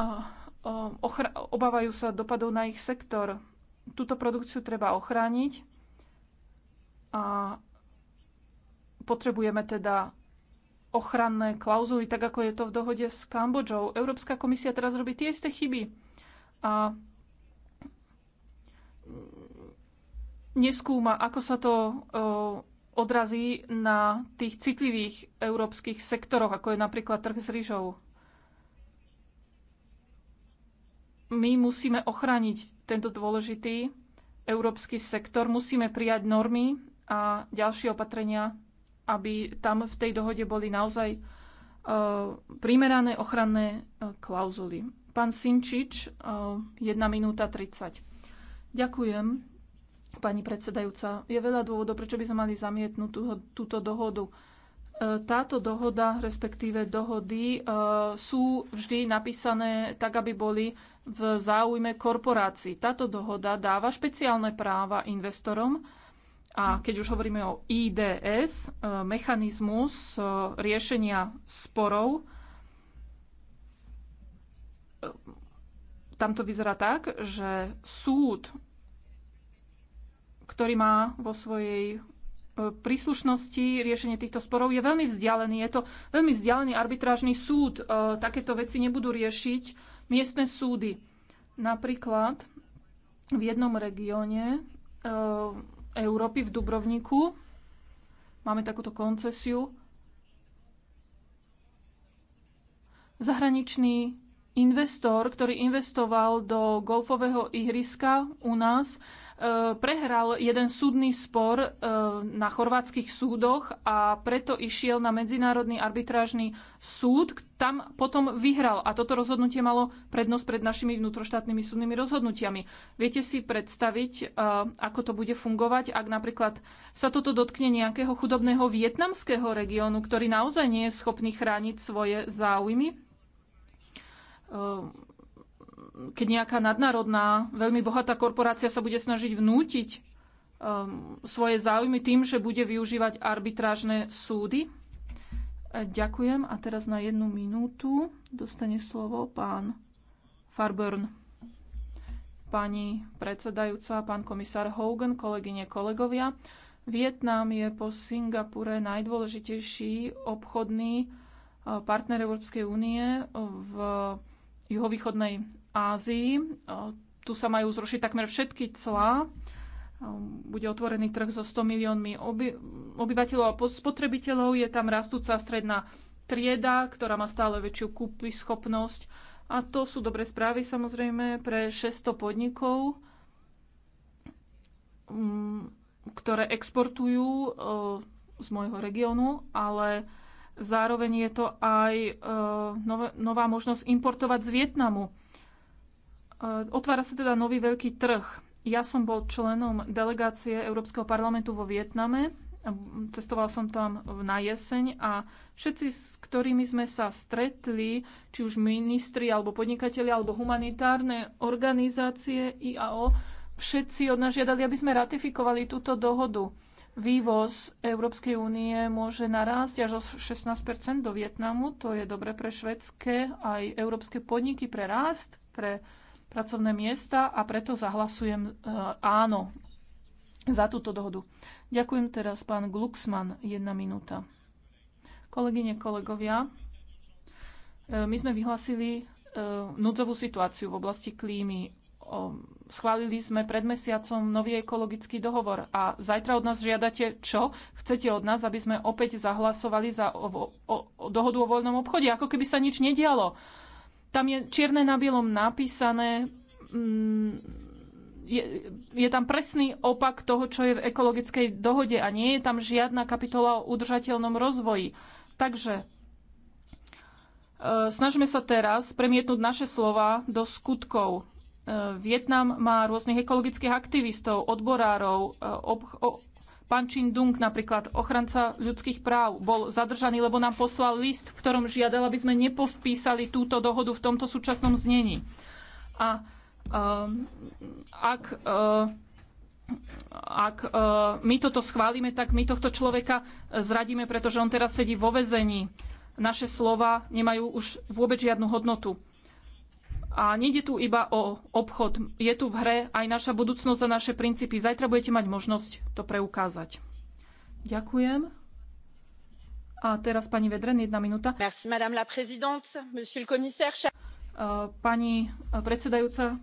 A obávajú sa dopadov na ich sektor. Túto produkciu treba ochrániť a potrebujeme teda ochranné klauzuly, tak ako je to v dohode s Kambodžou. Európska komisia teraz robí tie isté chyby. A neskúma, ako sa to eh, odrazí na tých citlivých európskych sektoroch, ako je napríklad trh s rýžou. My musíme ochrániť tento dôležitý európsky sektor, musíme prijať normy a ďalšie opatrenia, aby tam v tej dohode boli naozaj eh, primerané ochranné eh, klauzuly. Pán Sinčič, 1 minúta 30. Ďakujem pani predsedajúca. Je veľa dôvodov, prečo by sme mali zamietnúť tú, túto dohodu. E, táto dohoda, respektíve dohody, e, sú vždy napísané tak, aby boli v záujme korporácií. Táto dohoda dáva špeciálne práva investorom a keď už hovoríme o IDS, e, mechanizmus riešenia sporov, tam to vyzerá tak, že súd ktorý má vo svojej e, príslušnosti riešenie týchto sporov je veľmi vzdialený. Je to veľmi vzdialený arbitrážny súd. E, takéto veci nebudú riešiť miestne súdy. Napríklad v jednom regióne e, Európy v Dubrovniku máme takúto koncesiu. Zahraničný investor, ktorý investoval do golfového ihriska u nás, Eh, prehral jeden súdny spor eh, na chorvátskych súdoch a preto išiel na Medzinárodný arbitrážny súd. Tam potom vyhral a toto rozhodnutie malo prednosť pred našimi vnútroštátnymi súdnymi rozhodnutiami. Viete si predstaviť, eh, ako to bude fungovať, ak napríklad sa toto dotkne nejakého chudobného vietnamského regiónu, ktorý naozaj nie je schopný chrániť svoje záujmy? keď nejaká nadnárodná, veľmi bohatá korporácia sa bude snažiť vnútiť um, svoje záujmy tým, že bude využívať arbitrážne súdy. E, ďakujem. A teraz na jednu minútu dostane slovo pán Farburn. Pani predsedajúca, pán komisár Hogan, kolegyne, kolegovia. Vietnam je po Singapure najdôležitejší obchodný e, partner Európskej únie v juhovýchodnej Ázii. E, tu sa majú zrušiť takmer všetky clá. E, bude otvorený trh so 100 miliónmi oby, obyvateľov a spotrebiteľov. Je tam rastúca stredná trieda, ktorá má stále väčšiu schopnosť. A to sú dobré správy samozrejme pre 600 podnikov, ktoré exportujú e, z môjho regiónu, ale zároveň je to aj nová možnosť importovať z Vietnamu. E, otvára sa teda nový veľký trh. Ja som bol členom delegácie Európskeho parlamentu vo Vietname. Cestoval som tam na jeseň a všetci, s ktorými sme sa stretli, či už ministri, alebo podnikatelia, alebo humanitárne organizácie IAO, všetci od nás žiadali, aby sme ratifikovali túto dohodu. Vývoz Európskej únie môže narásť až o 16 do Vietnamu. To je dobre pre švedské aj európske podniky, pre rást, pre pracovné miesta a preto zahlasujem e, áno za túto dohodu. Ďakujem teraz pán Glucksmann, jedna minúta. Kolegyne, kolegovia, e, my sme vyhlasili e, núdzovú situáciu v oblasti klímy. Schválili sme pred mesiacom nový ekologický dohovor a zajtra od nás žiadate, čo chcete od nás, aby sme opäť zahlasovali za o, o, o dohodu o voľnom obchode, ako keby sa nič nedialo. Tam je čierne na bielom napísané, mm, je, je tam presný opak toho, čo je v ekologickej dohode a nie je tam žiadna kapitola o udržateľnom rozvoji. Takže e, snažme sa teraz premietnúť naše slova do skutkov. E, Vietnam má rôznych ekologických aktivistov, odborárov, e, ob, Pán Čin Dung, napríklad ochranca ľudských práv, bol zadržaný, lebo nám poslal list, v ktorom žiadal, aby sme nepodpísali túto dohodu v tomto súčasnom znení. A uh, ak, uh, ak uh, my toto schválime, tak my tohto človeka zradíme, pretože on teraz sedí vo vezení. Naše slova nemajú už vôbec žiadnu hodnotu. A nejde tu iba o obchod. Je tu v hre aj naša budúcnosť a naše princípy. Zajtra budete mať možnosť to preukázať. Ďakujem. A teraz pani Vedren, jedna minúta. Merci, madame la présidente, monsieur le commissaire. Pani predsedajúca,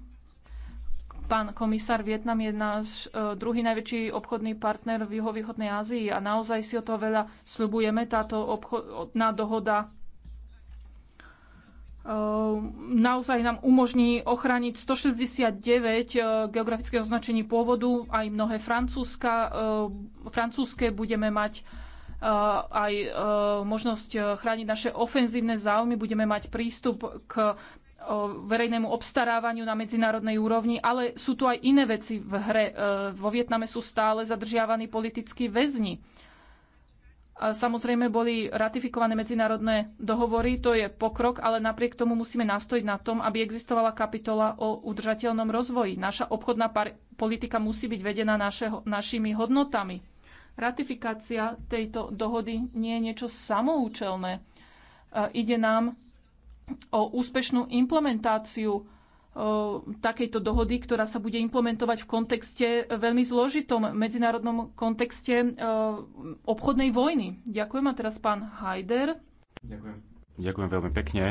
pán komisár, Vietnam je náš druhý najväčší obchodný partner v juhovýchodnej Ázii a naozaj si o to veľa slubujeme. Táto obchodná dohoda Ehm, naozaj nám umožní ochrániť 169 e, geografických označení pôvodu, aj mnohé francúzska, e, francúzske budeme mať e, aj možnosť chrániť naše ofenzívne záujmy, budeme mať prístup k verejnému obstarávaniu na medzinárodnej úrovni, ale sú tu aj iné veci v hre. Vo Vietname sú stále zadržiavaní politickí väzni Samozrejme boli ratifikované medzinárodné dohovory, to je pokrok, ale napriek tomu musíme nastojiť na tom, aby existovala kapitola o udržateľnom rozvoji. Naša obchodná politika musí byť vedená našeho, našimi hodnotami. Ratifikácia tejto dohody nie je niečo samoučelné. E, ide nám o úspešnú implementáciu takejto dohody, ktorá sa bude implementovať v kontexte e, veľmi zložitom medzinárodnom kontexte e, obchodnej vojny. Ďakujem a teraz pán Hajder. Ďakujem. Ďakujem veľmi pekne.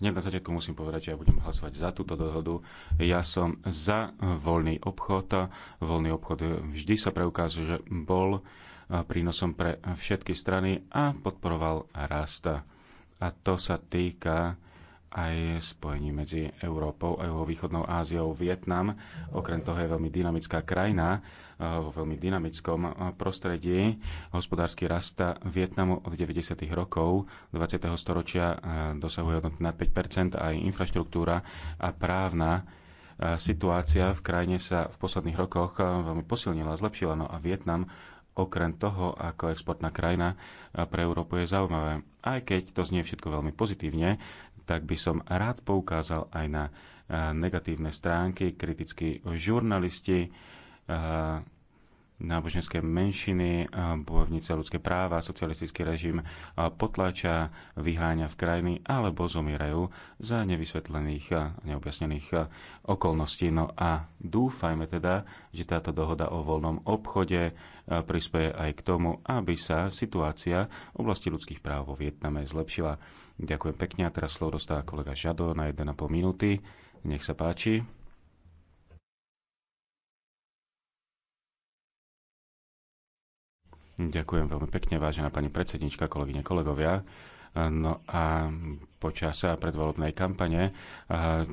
Hneď na začiatku musím povedať, že ja budem hlasovať za túto dohodu. Ja som za voľný obchod. Voľný obchod vždy sa preukázal, že bol e, prínosom pre všetky strany a podporoval rast. A to sa týka aj spojení medzi Európou a jeho východnou Áziou. Vietnam okrem toho je veľmi dynamická krajina eh, vo veľmi dynamickom eh, prostredí. Hospodársky rast Vietnamu od 90. rokov 20. storočia eh, dosahuje hodnoty na 5 aj infraštruktúra a právna situácia v krajine sa v posledných rokoch veľmi posilnila, zlepšila. No a Vietnam okrem toho ako exportná krajina pre Európu je zaujímavé. Aj keď to znie všetko veľmi pozitívne, tak by som rád poukázal aj na eh, negatívne stránky, kritickí žurnalisti, eh, náboženské menšiny, bojovnice ľudské práva, socialistický režim potláča, vyháňa v krajiny alebo zomierajú za nevysvetlených a neobjasnených okolností. No a dúfajme teda, že táto dohoda o voľnom obchode prispieje aj k tomu, aby sa situácia v oblasti ľudských práv vo Vietname zlepšila. Ďakujem pekne a teraz slovo dostáva kolega Žado na 1,5 minúty. Nech sa páči. Ďakujem veľmi pekne, vážená pani predsednička, kolegyne, kolegovia. No a počas predvolebnej kampane,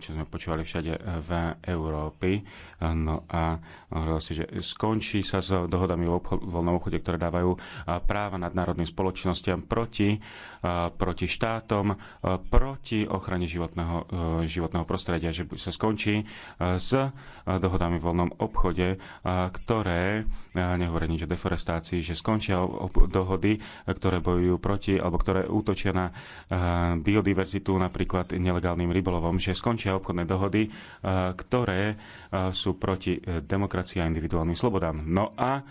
čo sme počúvali všade v Európy. No a hovoril si, že skončí sa s dohodami o voľnom obchode, ktoré dávajú práva národným spoločnosťam proti, proti štátom, proti ochrane životného, e, životného prostredia, že sa skončí e, s e, dohodami v voľnom obchode, ktoré nehovorí nič o deforestácii, že skončia dohody, ktoré bojujú proti alebo ktoré útočia na biodiverzitu biodiverzitu napríklad nelegálnym rybolovom, že skončia obchodné dohody, e, ktoré e, sú proti e, demokracii a individuálnym slobodám. No a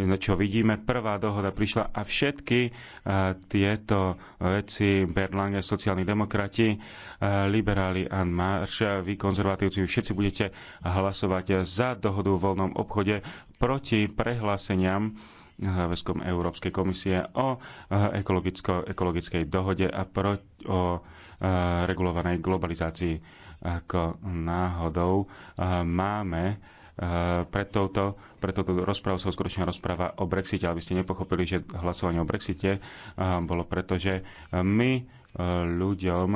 čo vidíme, prvá dohoda prišla a všetky tieto veci, Berlange, sociálni demokrati, liberáli a Marš, vy konzervatívci, všetci budete hlasovať za dohodu o voľnom obchode proti prehláseniam záväzkom Európskej komisie o eh, ekologickej dohode a pro, o eh, regulovanej globalizácii. Ako náhodou eh, máme pre touto, pre touto rozprávou sa skutočne rozpráva o Brexite, aby ste nepochopili, že hlasovanie o Brexite bolo preto, že my ľuďom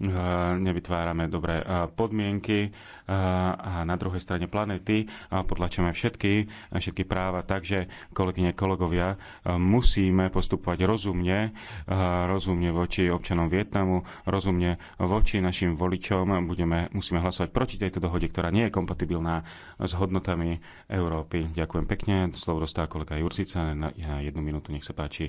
Eh, nevytvárame dobré eh, podmienky eh, a na druhej strane planety potlačíme všetky, všetky práva. Takže, kolegyne, kolegovia, musíme postupovať rozumne, rozumne voči občanom Vietnamu, rozumne voči našim voličom. Budeme, musíme hlasovať proti tejto dohode, ktorá nie je kompatibilná s hodnotami Európy. Ďakujem pekne. Slovo dostá kolega Jurcica na jednu minútu. Nech sa páči.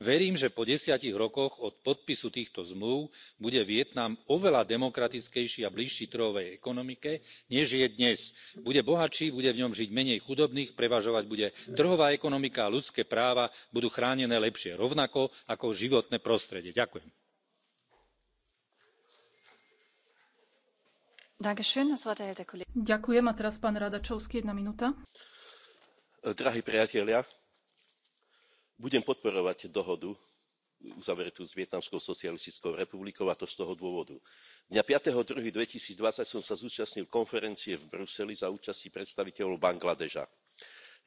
verím že po desiatich rokoch od podpisu týchto zmlúv bude vietnam oveľa demokratickejší a bližší trhovej ekonomike než je dnes bude bohatší bude v ňom žiť menej chudobných prevažovať bude trhová ekonomika a ľudské práva budú chránené lepšie rovnako ako životné prostredie. ďakujem. ďakujem a teraz pán radačovský jedna minúta. drahí priatelia budem podporovať dohodu uzavretú s vietnamskou socialistickou republikou a to z toho dôvodu dňa. five. two thousand and twenty som sa zúčastnil konferencie v bruseli za účasti predstaviteľov bangladéša.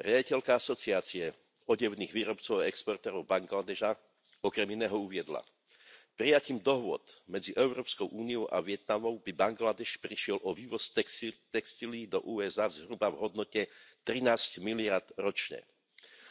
riaditeľka asociácie odevných výrobcov a exportérov bangladéša okrem iného uviedla prijatím dohôd medzi európskou úniou a vietnamom by bangladéš prišiel o vývoz textílií do usa zhruba v hodnote thirteen miliárd ročne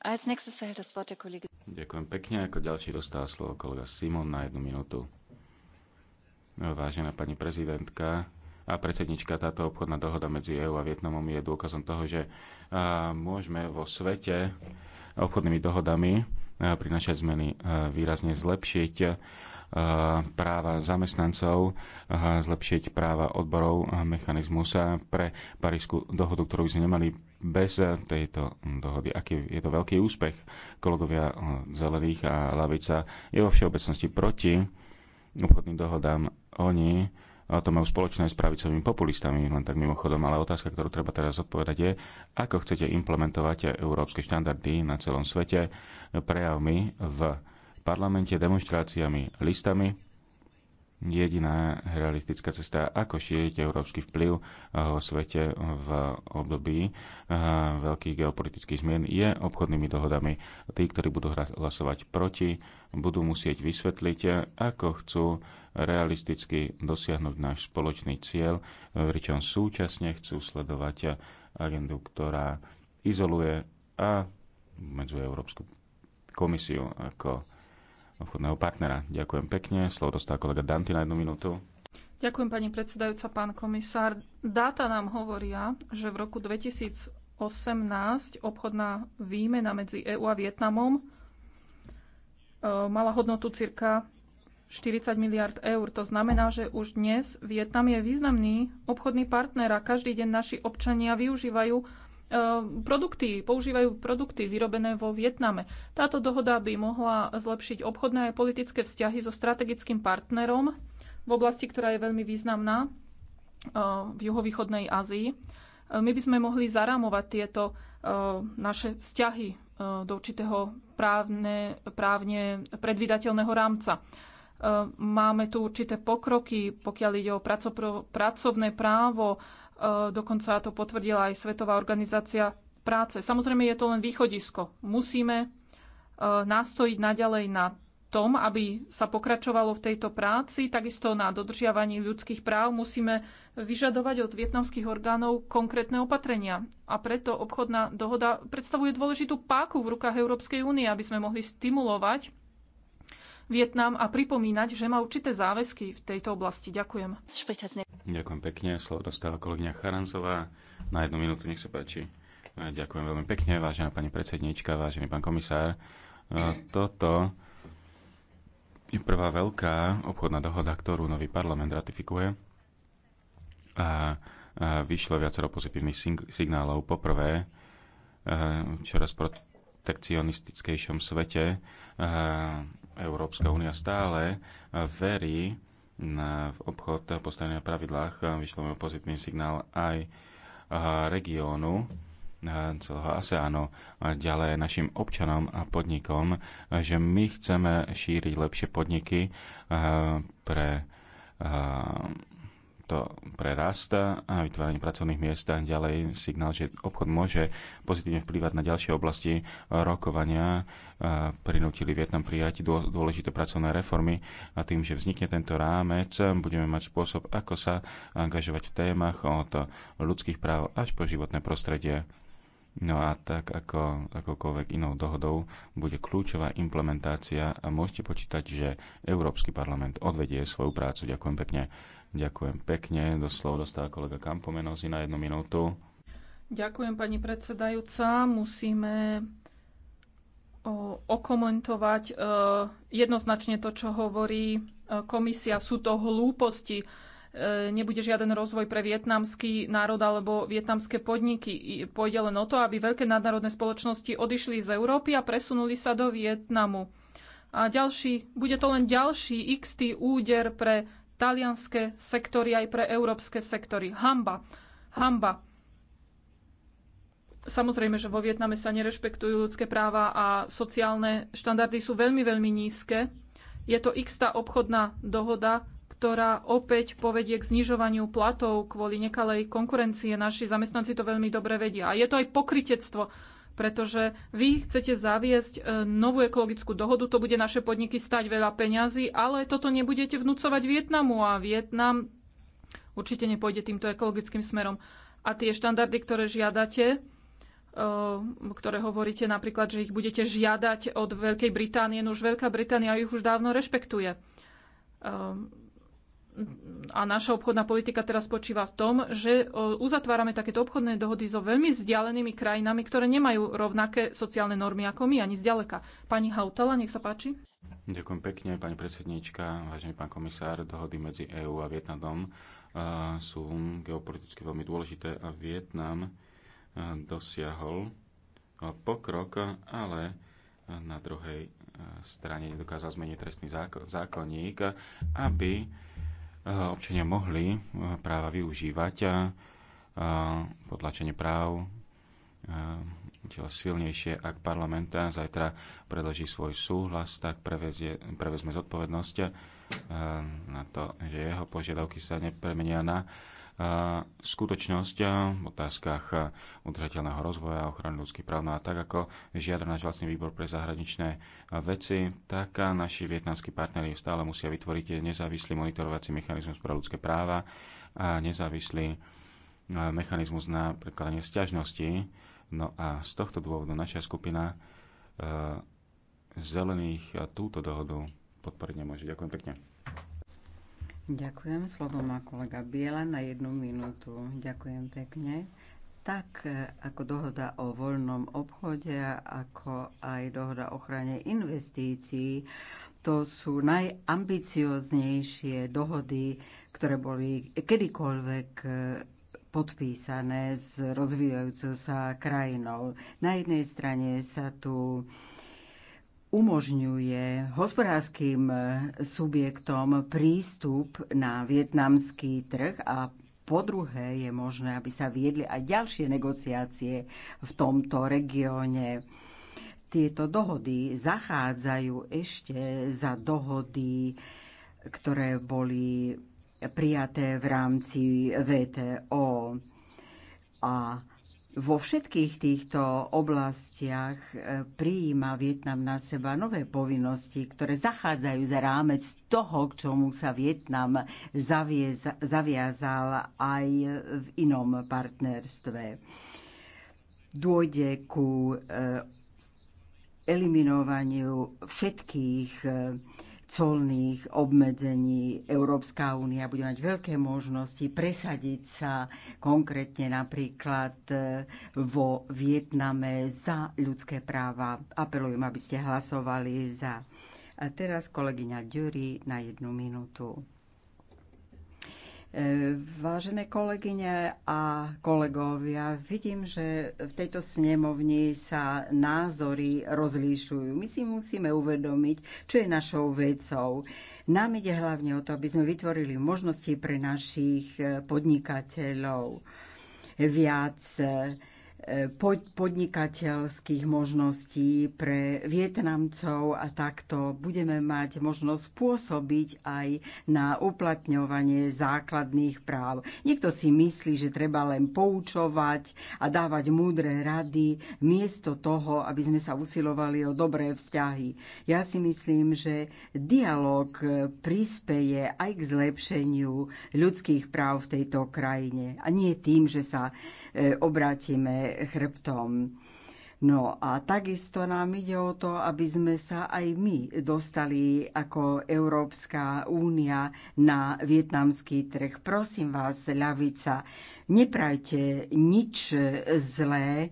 Ďakujem pekne. Ako ďalší dostáva slovo kolega Simon na jednu minútu. Vážená pani prezidentka a predsednička, táto obchodná dohoda medzi EÚ a Vietnamom je dôkazom toho, že môžeme vo svete obchodnými dohodami prinašať zmeny výrazne zlepšiť práva zamestnancov, zlepšiť práva odborov a sa pre Parísku dohodu, ktorú by sme nemali bez eh, tejto dohody. Aký je to veľký úspech kolegovia eh, Zelených a Lavica je vo všeobecnosti proti obchodným dohodám. Oni to majú spoločné s pravicovými populistami, len tak mimochodom, ale otázka, ktorú treba teraz odpovedať je, ako chcete implementovať európske štandardy na celom svete prejavmi v parlamente, demonstráciami, listami, jediná realistická cesta, ako šíriť európsky vplyv eh, vo svete v období eh, veľkých geopolitických zmien, je obchodnými dohodami. Tí, ktorí budú hlasovať proti, budú musieť vysvetliť, eh, ako chcú realisticky dosiahnuť náš spoločný cieľ, pričom súčasne chcú sledovať agendu, ktorá izoluje a medzuje Európsku komisiu ako obchodného partnera. Ďakujem pekne. Slovo dostá kolega Danty na jednu minútu. Ďakujem pani predsedajúca, pán komisár. Dáta nám hovoria, že v roku 2018 obchodná výmena medzi EÚ a Vietnamom e, mala hodnotu cirka 40 miliard eur. To znamená, že už dnes Vietnam je významný obchodný partner a každý deň naši občania využívajú Ehm, produkty, používajú produkty vyrobené vo Vietname. Táto dohoda by mohla zlepšiť obchodné a politické vzťahy so strategickým partnerom v oblasti, ktorá je veľmi významná ehm, v juhovýchodnej Ázii. Ehm, my by sme mohli zarámovať tieto naše vzťahy do určitého právne, právne predvydateľného rámca. Máme tu určité pokroky, pokiaľ ide o pracovné právo, E, dokonca to potvrdila aj Svetová organizácia práce. Samozrejme, je to len východisko. Musíme e, nastojiť naďalej na tom, aby sa pokračovalo v tejto práci, takisto na dodržiavaní ľudských práv musíme vyžadovať od vietnamských orgánov konkrétne opatrenia. A preto obchodná dohoda predstavuje dôležitú páku v rukách Európskej únie, aby sme mohli stimulovať Vietnam a pripomínať, že má určité záväzky v tejto oblasti. Ďakujem. Ďakujem pekne. Slovo dostala kolegyňa Charanzová. Na jednu minútu, nech sa páči. E, ďakujem veľmi pekne, vážená pani predsednička, vážený pán komisár. E, toto je prvá veľká obchodná dohoda, ktorú nový parlament ratifikuje. A vyšlo viacero pozitívnych signálov. Poprvé, e, čoraz protekcionistickejšom svete Európska únia stále verí v obchod postavený na pravidlách. Vyšlo pozitívny signál aj regiónu celého ASEANu, ďalej našim občanom a podnikom, že my chceme šíriť lepšie podniky pre to prerast a vytváranie pracovných miest a ďalej signál, že obchod môže pozitívne vplývať na ďalšie oblasti rokovania prinútili Vietnam prijať dôležité pracovné reformy a tým, že vznikne tento rámec, budeme mať spôsob, ako sa angažovať v témach od ľudských práv až po životné prostredie. No a tak ako akokoľvek inou dohodou bude kľúčová implementácia a môžete počítať, že Európsky parlament odvedie svoju prácu. Ďakujem pekne. Ďakujem pekne. Do slov dostáva kolega Kampomenozi na jednu minútu. Ďakujem, pani predsedajúca. Musíme okomentovať e, jednoznačne to, čo hovorí e, komisia. Sú to hlúposti. E, nebude žiaden rozvoj pre vietnamský národ alebo vietnamské podniky. Pôjde len o to, aby veľké nadnárodné spoločnosti odišli z Európy a presunuli sa do Vietnamu. A ďalší, bude to len ďalší x úder pre talianské sektory aj pre európske sektory. Hamba. Hamba. Samozrejme, že vo Vietname sa nerešpektujú ľudské práva a sociálne štandardy sú veľmi, veľmi nízke. Je to x obchodná dohoda, ktorá opäť povedie k znižovaniu platov kvôli nekalej konkurencie. Naši zamestnanci to veľmi dobre vedia. A je to aj pokritectvo, pretože vy chcete zaviesť e, novú ekologickú dohodu, to bude naše podniky stať veľa peňazí, ale toto nebudete vnúcovať Vietnamu a Vietnam určite nepôjde týmto ekologickým smerom. A tie štandardy, ktoré žiadate, Eh, ktoré hovoríte napríklad, že ich budete žiadať od Veľkej Británie, no už Veľká Británia ich už dávno rešpektuje. Eh, a naša obchodná politika teraz spočíva v tom, že eh, uzatvárame takéto obchodné dohody so veľmi vzdialenými krajinami, ktoré nemajú rovnaké sociálne normy ako my, ani zďaleka. Pani Hautala, nech sa páči. Ďakujem pekne, pani predsednička, vážený pán komisár. Dohody medzi EÚ a Vietnamom sú geopoliticky veľmi dôležité a Vietnam dosiahol pokrok, ale na druhej e, strane nedokázal zmeniť trestný zákonník, aby e, občania mohli e, práva využívať a potlačenie práv čo silnejšie, ak parlament zajtra predloží svoj súhlas, tak prevezie, prevezme zodpovednosť na to, že jeho požiadavky sa nepremenia na skutočnosť v otázkach udržateľného rozvoja, ochrany ľudských práv. No a tak ako žiada náš vlastný výbor pre zahraničné veci, tak naši vietnamskí partneri stále musia vytvoriť nezávislý monitorovací mechanizmus pre ľudské práva a nezávislý mechanizmus na prekladanie sťažnosti. No a z tohto dôvodu naša skupina zelených túto dohodu podporiť nemôže. Ďakujem pekne. Ďakujem. Slovo má kolega Biela na jednu minútu. Ďakujem pekne. Tak e, ako dohoda o voľnom obchode, ako aj dohoda o ochrane investícií, to sú najambicioznejšie dohody, ktoré boli kedykoľvek e, podpísané s rozvíjajúcou sa krajinou. Na jednej strane sa tu umožňuje hospodárským eh, subjektom prístup na vietnamský trh a po druhé je možné, aby sa viedli aj ďalšie negociácie v tomto regióne. Tieto dohody zachádzajú ešte za dohody, ktoré boli prijaté v rámci VTO. A vo všetkých týchto oblastiach e, prijíma Vietnam na seba nové povinnosti, ktoré zachádzajú za rámec toho, k čomu sa Vietnam zaviazal aj v inom partnerstve. Dôjde ku e, eliminovaniu všetkých e, colných obmedzení Európska únia bude mať veľké možnosti presadiť sa konkrétne napríklad e, vo Vietname za ľudské práva. Apelujem, aby ste hlasovali za. A teraz kolegyňa Dury na jednu minútu. Vážené kolegyne a kolegovia, vidím, že v tejto snemovni sa názory rozlíšujú. My si musíme uvedomiť, čo je našou vecou. Nám ide hlavne o to, aby sme vytvorili možnosti pre našich podnikateľov viac podnikateľských možností pre Vietnamcov a takto budeme mať možnosť pôsobiť aj na uplatňovanie základných práv. Niekto si myslí, že treba len poučovať a dávať múdre rady miesto toho, aby sme sa usilovali o dobré vzťahy. Ja si myslím, že dialog prispeje aj k zlepšeniu ľudských práv v tejto krajine. A nie tým, že sa E, obrátime chrbtom. No a takisto nám ide o to, aby sme sa aj my dostali ako Európska únia na vietnamský trh. Prosím vás, ľavica, neprajte nič zlé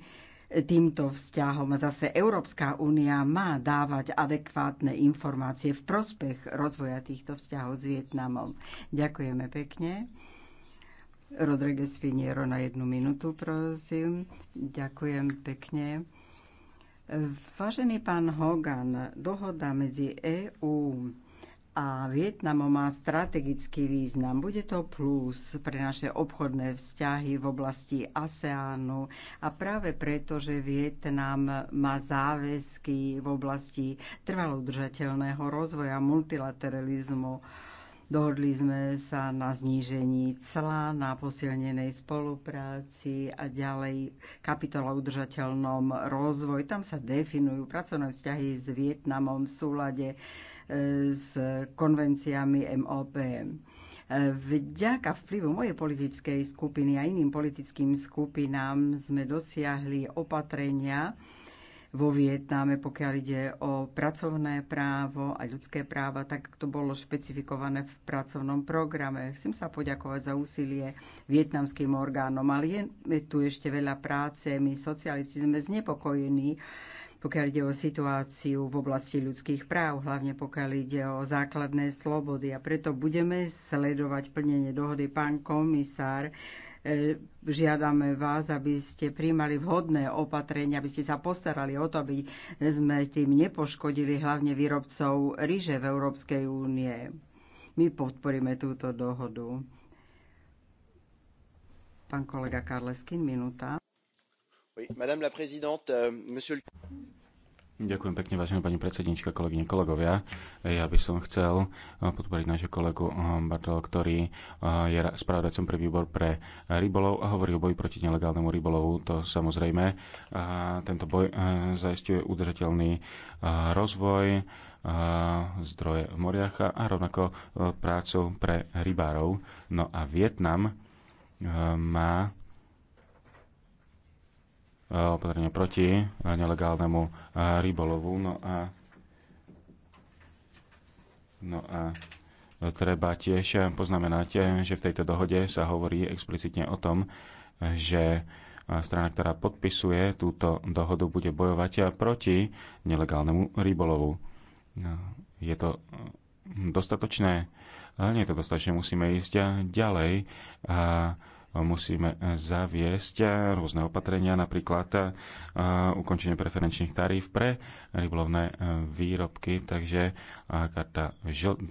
týmto vzťahom. Zase Európska únia má dávať adekvátne informácie v prospech rozvoja týchto vzťahov s Vietnamom. Ďakujeme pekne. Rodriguez Finiero na jednu minútu, prosím. Ďakujem pekne. Vážený pán Hogan, dohoda medzi EÚ a Vietnamom má strategický význam. Bude to plus pre naše obchodné vzťahy v oblasti ASEANu a práve preto, že Vietnam má záväzky v oblasti trvalodržateľného rozvoja multilateralizmu Dohodli sme sa na znížení cla, na posilnenej spolupráci a ďalej kapitola udržateľnom rozvoj. Tam sa definujú pracovné vzťahy s Vietnamom v súlade e, s konvenciami MOPM. E, vďaka vplyvu mojej politickej skupiny a iným politickým skupinám sme dosiahli opatrenia, vo Vietname, pokiaľ ide o pracovné právo a ľudské práva, tak to bolo špecifikované v pracovnom programe. Chcem sa poďakovať za úsilie vietnamským orgánom, ale je tu ešte veľa práce. My socialisti sme znepokojení pokiaľ ide o situáciu v oblasti ľudských práv, hlavne pokiaľ ide o základné slobody. A preto budeme sledovať plnenie dohody. Pán komisár, E, žiadame vás, aby ste príjmali vhodné opatrenia, aby ste sa postarali o to, aby sme tým nepoškodili hlavne výrobcov ryže v Európskej únie. My podporíme túto dohodu. Pán kolega Karleskin, minúta. Oui, madame la présidente, euh, monsieur Ďakujem pekne, vážená pani predsednička, kolegyne, kolegovia. Ja by som chcel eh, podporiť nášho kolegu eh, Bartolo, ktorý eh, je spravodajcom pre výbor pre rybolov a hovorí o boji proti nelegálnemu rybolovu. To samozrejme, tento boj zaistuje udržateľný rozvoj zdroje v moriach a rovnako prácu pre rybárov. No a Vietnam má opatrenia proti nelegálnemu rybolovu. No a, no a treba tiež poznamenať, že v tejto dohode sa hovorí explicitne o tom, že strana, ktorá podpisuje túto dohodu, bude bojovať proti nelegálnemu rybolovu. No, je to dostatočné? Nie je to dostatočné, musíme ísť ďalej. A musíme zaviesť rôzne opatrenia, napríklad eh, ukončenie preferenčných tarív pre rybolovné eh, výrobky. Takže eh, karta,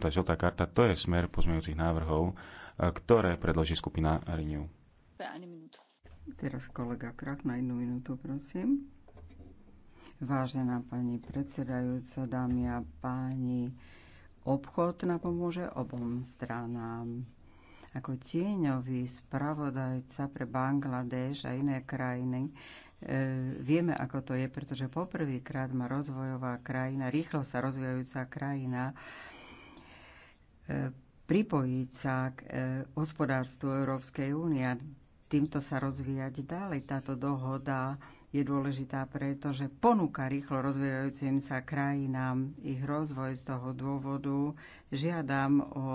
tá žltá karta to je smer pozmeňujúcich návrhov, ktoré predloží skupina Renew. Teraz kolega Krak na jednu minútu, prosím. Vážená pani predsedajúca, dámy a páni, obchod napomôže obom stranám ako tieňový spravodajca pre Bangladeš a iné krajiny, e, vieme, ako to je, pretože poprvýkrát má rozvojová krajina, rýchlo sa rozvíjajúca krajina, e, pripojiť sa k e, hospodárstvu Európskej únie a týmto sa rozvíjať ďalej. Táto dohoda je dôležitá, pretože ponúka rýchlo rozvíjajúcim sa krajinám ich rozvoj. Z toho dôvodu žiadam o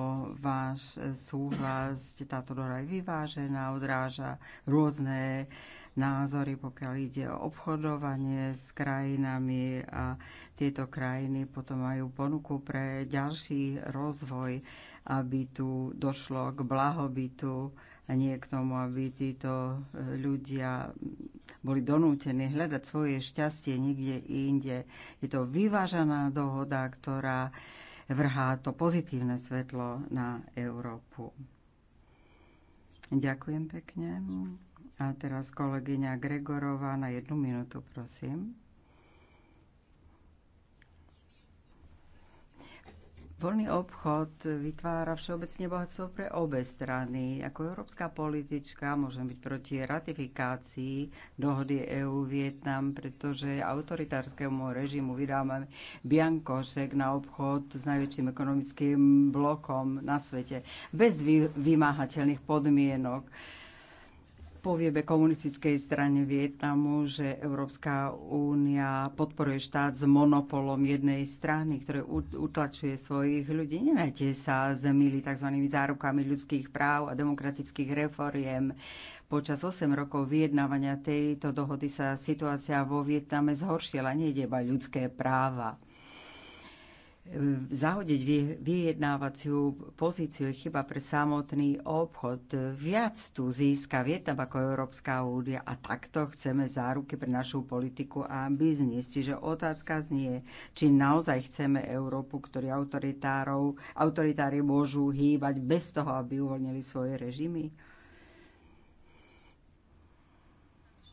váš súhlas. Táto dohoda je vyvážená, odráža rôzne názory, pokiaľ ide o obchodovanie s krajinami a tieto krajiny potom majú ponuku pre ďalší rozvoj, aby tu došlo k blahobytu a nie k tomu, aby títo e, ľudia boli donútení hľadať svoje šťastie niekde inde. Je to vyvážená dohoda, ktorá vrhá to pozitívne svetlo na Európu. Ďakujem pekne. A teraz kolegyňa Gregorová na jednu minútu, prosím. Voľný obchod vytvára všeobecne bohatstvo pre obe strany. Ako európska politička môžem byť proti ratifikácii dohody EU-Vietnam, pretože autoritárskému režimu vydáme biankošek na obchod s najväčším ekonomickým blokom na svete bez vymáhateľných podmienok povieme komunistickej strane Vietnamu, že Európska únia podporuje štát s monopolom jednej strany, ktoré utlačuje svojich ľudí. Nenajte sa milí tzv. zárukami ľudských práv a demokratických reforiem. Počas 8 rokov vyjednávania tejto dohody sa situácia vo Vietname zhoršila, nejde iba ľudské práva zahodiť vyjednávaciu pozíciu je chyba pre samotný obchod. Viac tu získa Vietnam ako Európska únia a takto chceme záruky pre našu politiku a biznis. Čiže otázka znie, či naozaj chceme Európu, ktorí autoritárov, autoritári môžu hýbať bez toho, aby uvoľnili svoje režimy.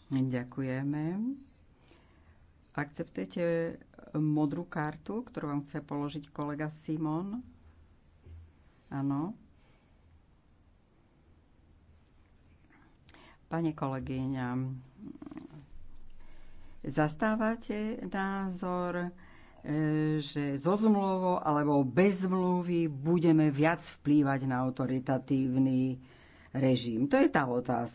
Ďakujeme. Akceptujete modrú kartu, ktorú vám chce položiť kolega Simon. Áno. Pane kolegyňa, zastávate názor, e, že so zmluvou alebo bez zmluvy budeme viac vplývať na autoritatívny režim? To je tá otázka.